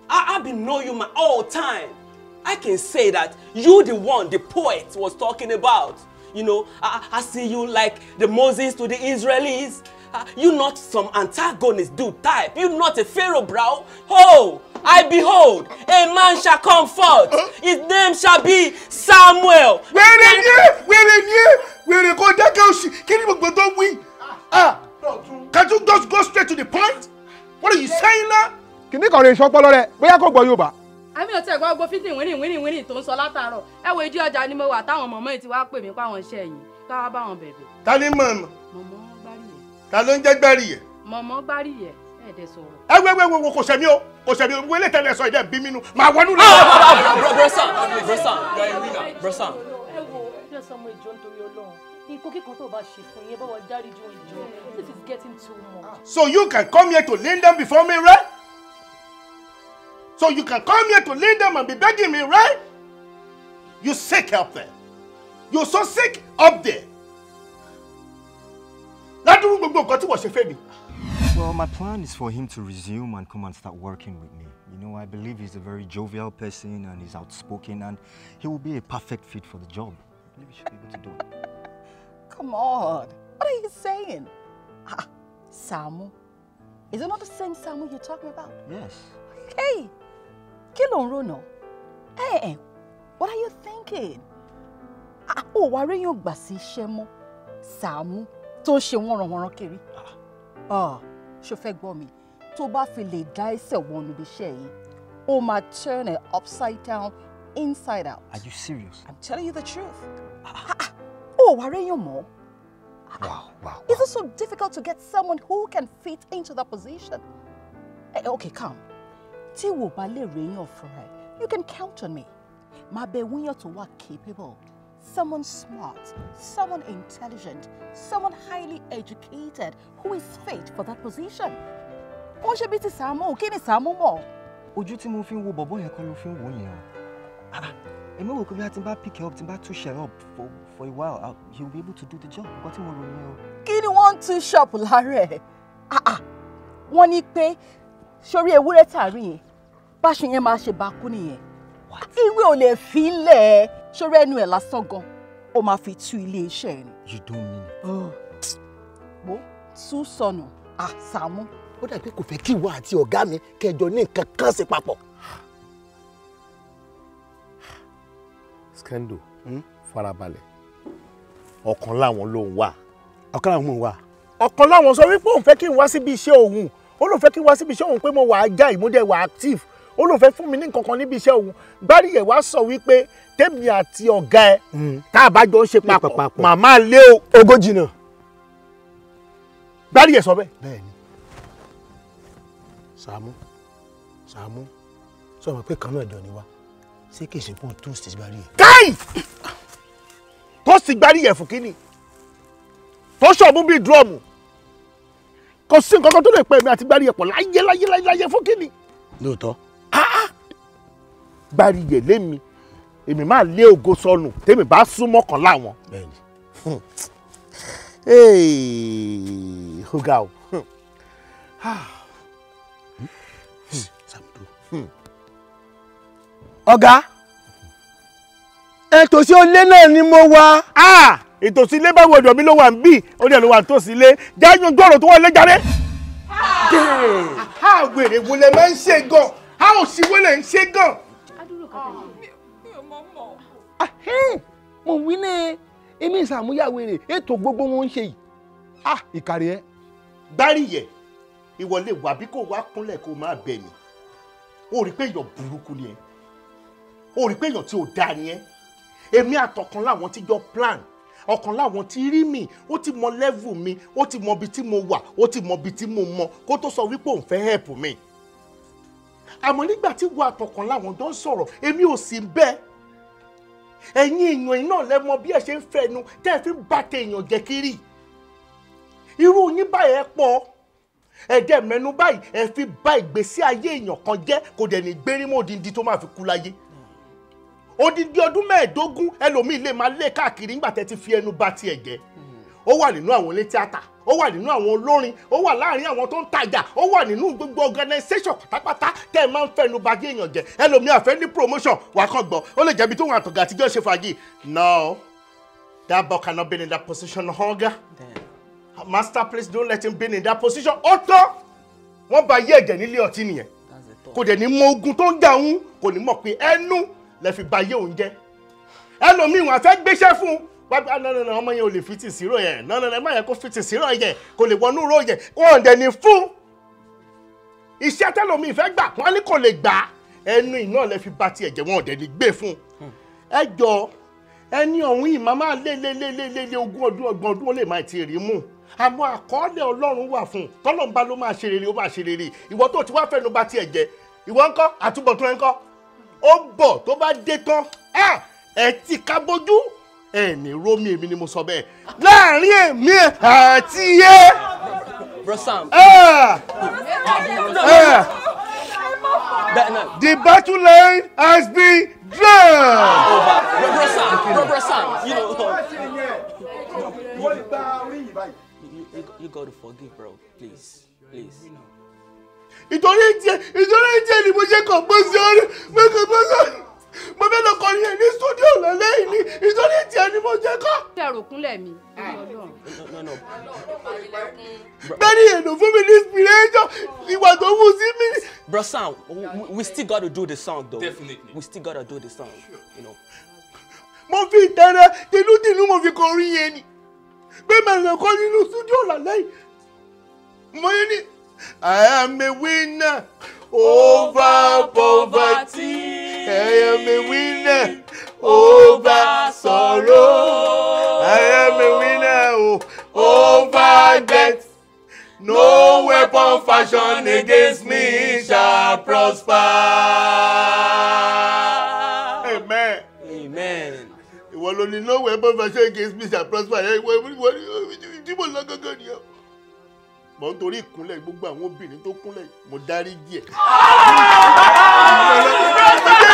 i i been know you my all time i can say that you the one the poet was talking about you know i i see you like the moses to the israelis you not some antagonist, dude type. You not a pharaoh, brow. Oh, I behold, a man shall come forth. His name shall be Samuel. Wèrè ni ẹ́, wèrè ni ẹ́, wèrè kò dákẹ́ òsì, kí ni gbogbo tó wí? Ah, ah, can you just go straight to the point? What are you saying now? Kìnní kan rè sọpọlọ rẹ, bóyá kò gbọ́ Yorùbá. Àmì ọ̀tí ẹ̀gbọ́n gbogbo fídíìn wínì wínì wínì tó ń sọ látàárọ̀. Ẹ wo ìdí ọjà ni mo wà táwọn mọ̀mọ́ yìí ti wá pè mí pàwọn iṣẹ́ yìí. Káwá báwọn bẹ̀bẹ̀. Ta ni mọ̀ọ́mọ̀? ta ló ń jẹ́ gbẹ́rì yẹ. mọ̀mọ́ bá rí yẹ ẹ̀ sọ̀rọ̀. ẹ wẹ́ wẹ́ kò sẹ́mi o kò sẹ́mi o wo ilé tẹ̀lé sọ ìdẹ́ bí mi nu màá wọnú lọ. brosan brosan you are ẹ wo ẹ sọmọ ìjọ nítorí Ọlọ́run nǹkan tó bá ṣe fún yín bá dárí ju ìjọ this is getting too much. Ah, so you can come here to lean them before me right? so you can come here to lean them and be begging me right? you sick up there you so sick up there ládùúgbò gbogbo nǹkan tí wọ́n ṣe fẹ́ mi. Well, my plan is for him to resume and come and start working with me. You know, I believe he's a very jovial person and he's outspoken and he will be a perfect fit for the job. I believe he should be able to do it. Come on, what are you saying? Ah, Samu, is it not the same Samu you're talking about? Yes. Hey, kí lò ń rònà? Hey, eh, eh, what are you thinking? Ah, oh, wàá rí yóò gbà sí iṣẹ́ mọ́, Samu tó ń ṣe wọ́n rànwọ́n kiri ah. ṣó fẹ́ gbọ́ mi tó bá fi lè dá ẹsẹ̀ wọn níbi iṣẹ́ yìí ó máa turn it upside down inside out. are you serious. i'm telling you the truth. Ah. ó wàá rẹ́yàn mọ́. Wow, wow, Is wow. it so difficult to get someone who can fit into that position? Hey, eh, eh, okay, come. Tí wo bá lè rèyàn fúnra ẹ̀, you can count on me. Màá bẹ wúyàn tó wà capable someone smart, someone intelligent, someone highly educated who is fit for that position. Ó ṣe bí ti samu kí ni Sàámú mọ̀? Ojú tí mo fi ń wo bọ̀bọ̀ yẹn kọ́ ló fi ń wò yẹn o. Ah, èmi wò pé bí pick up, ti to share up for, for a while, uh, ah, he will be able to do the job. Nǹkan tí mo rò nìyẹn o. Kí ni wọ́n ń tú ṣọ́ọ̀pù lára ẹ̀? Ah, wọ́n ní pé sórí ewúrẹ́ tààrí yẹn, báṣu yẹn máa ṣe bá kú nìyẹn. Ìwé ò lè fi lẹ̀ ṣọrọ ẹnu ẹ lásán gan ó máa fi tú ilé iṣẹ́ ẹ ni. you don't mean it. wo tú sọnù àsàmú. ó dàbí kò fẹ́ kí ìwọ àti ọ̀gá mi kẹjọ ní nǹkan kan ṣe papọ̀. scandal hmm? farabalẹ̀ ọ̀kan láwọn ló ń wà. ọ̀kan láwọn mò ń wà. ọ̀kan láwọn sọ wípé òun fẹ́ kí n wá síbi iṣẹ́ òun ó lóun fẹ́ kí n wá síbi iṣẹ́ òun pé mo wà á já ìmúdẹ̀ wà active ó lóun fẹ́ fún mi ní nǹkan kan níbi iṣẹ́ òun gbáríyẹ̀ wá sọ wípé tèmi àti ọ̀gá ẹ̀ hmm. tá a bá jọ ń ṣe papọ̀ màmá lé ogójì náà gbáríyẹ̀ sọ bẹ́ẹ̀. bẹ́ẹ̀ni Sàámú Sàámú sọ ma pé kan náà jọ ni wa ṣé kì í ṣe fún toast gbáríyẹ̀. káì toast gbáríyẹ̀ fún kínní tó ṣọ̀bù bíi dúrọ́ọ̀mù kò sí nǹkan kan tó lè pẹ́ mi àti gbáríyẹ̀ pọ̀ láyé láyé láyé fún kínní. lóòótọ́ gbáríyẹ̀ lémi èmi máa lé ògo sọnù tèmi bá sún mọ́kànlá wọn. Hmm. ó ga o. Hmm. Ah. Hmm. ọ̀gá ètòsí ilé náà ni mo wá. Ah! ètòsí ilé báwo ọ̀dọ̀ mi ló wà ń bì ó dẹ̀ ló wà ń tòsí ilé jáyún gbọ́rọ̀ tó wọ́n lé jáde. àwèrè ah! wo lè máa ń ṣe gan a ò sí wo lè ń ṣe gan nǹkan tẹ̀lé. mi ò mọ̀ mọ̀. mo wí ní èmi ìsàmúyàwó èrè ètò gbogbo wọn ń ṣe yìí ah ìkàrí ẹ. Gbáríyẹ ìwọ lè wà bí kò wá kúnlẹ̀ kó máa bẹ̀ mí o rí pé èèyàn burúkú ni ẹ o rí pé èèyàn tí ò dáa ni ẹ èmi àtọkàn láwọn ti jọ plan ọkàn láwọn ti rí mi ó ti mọ level mi ó ti mọ ibi tí mo wà ó ti mọ ibi tí mo mọ kó tó sọ wípé òun fẹ́ help mi àmọ́ nígbà tí wo àtọkàn làwọn jọ ń sọ̀rọ̀ èmi ò sí bẹ́ẹ̀ ẹ̀yin èèyàn yìí náà lẹ mọ bí ẹ ṣe ń fẹnu tẹ́ ẹ fi ń bá tẹ jẹ kiri irú yín báyẹn ẹ pọ̀ ẹ̀dẹ̀ mẹ́nu báyìí ẹ fi bá ìgbésí ayé èèyàn kan jẹ́ kò dẹ̀ ní gbérí mọ́ odindi tó máa fi kú láyé odindi ọdún mẹ́ẹ̀ẹ́dógún ẹlòmíì lè máa lé káàkiri nígbà tẹ́ ti fi ẹnu bá tiẹ̀ jẹ́. Mm ó wà nínú àwọn ilé tíátà ó wà nínú àwọn olórin ó wà láàrin àwọn tó ń tajà ó wà nínú gbogbo organisation pátápátá tẹ ẹ máa ń fẹnu ba èèyàn jẹ ẹlòmíràn fẹ́ ní promotion wà á kàn gbọ́ ó lè jẹbi tó wọn àtọ̀gà àtijọ́ ṣe fàájì no that boy cannot be in that position hunger master please don't let him be in that position ó tọ́ wọ́n bá yé ẹ̀jẹ̀ nílé ọtí nìyẹn kò dẹ̀ ní mọ ogun tó ń jà ń kò ní mọ̀ pé ẹnu lè fi ba yé òun jẹ ẹlòmíràn fẹ́ gbéṣẹ́ fún un pápá ah, nánà ọmọ yẹn ò lè fi tì sírò yẹn nánà ẹ má yẹ kó fi tì sírò yẹn kò lè wọnú ró yẹn wọn ò dẹ̀ ní fún iṣẹ́ tẹ́lómi ìfẹ́ gbà wọ́n ní kò lè gbà ẹnu iná lẹ fi ba tiẹ̀ jẹ́ wọn ò dẹ̀ ní gbé fún ẹ jọ ẹni ọ̀hún yìí máa máa lé lé lé lé lé lé ogún ọdún ọgbọ̀n ọdún ó lè máa ti rí mú àmọ́ àkọọ́lẹ̀ ọlọ́run wà fún un tọ́lọ́mùbá ló máa ṣe rere ó máa ṣe rere ìwọ tó ti wá fẹ́nu ba tiẹ̀ jẹ ìwọ ńkọ́ àtúbọ̀tún ẹ̀ ńkọ́ ó bọ̀ tó bá dé tán ẹ ti ká bójú ẹ ní rómi èmi ni mo sọ bẹ́ẹ̀ láàrin èmi àti yé. the battle line has been drawn. over bro bro sam bro bro ni mo jẹ kàn bó ṣe ọrẹ mo kàn bó ṣe ọrẹ mo fẹ́ lọ kọrin ẹ̀ ní stúdíò lọ́lẹ́ yìí ni ìtọ́ni tiẹ̀ ni mo jẹ́ kọ́. ṣe àròkúnlẹ̀ mi. Ah. bẹ́ẹ̀ni èdò fún mi ní inspiration ìwà tó wù sí mi. bro we still gotta do the song though Definitely. we still gotta do the song. You know. mo fi ìtẹ́rẹ́ tinútinú mo fi kọrin yẹn ni pé mẹ́rin kọ́ nínú stúdíò lọ́lẹ́ yìí mo yẹ ni I am a winner over poverty. I am a winner over sorrow. I am a winner over death. No weapon fashioned against me shall prosper. Amen. Amen. Ìwọ ló ní no weapon fashioned against me shall prosper. Tí mo lọ gángan gbogbo àwọn obìnrin tó kúnlẹ̀, mo dárí díẹ̀. Ah!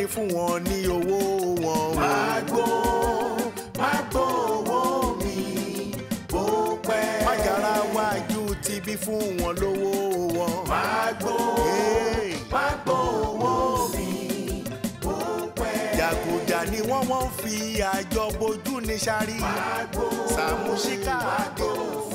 ní fún wọn ní owó wọn. Magbo Magbo owó mi bó pẹ́. Májàra wájú ti bí fún wọn lówó wọn. Magbo Magbo owó mi bó pẹ́. Jàgùjà ni wọ́n wọ́n fi àjọ bojú ní sáré. Magbo Magbo Sàmúsíkà àdéhùn.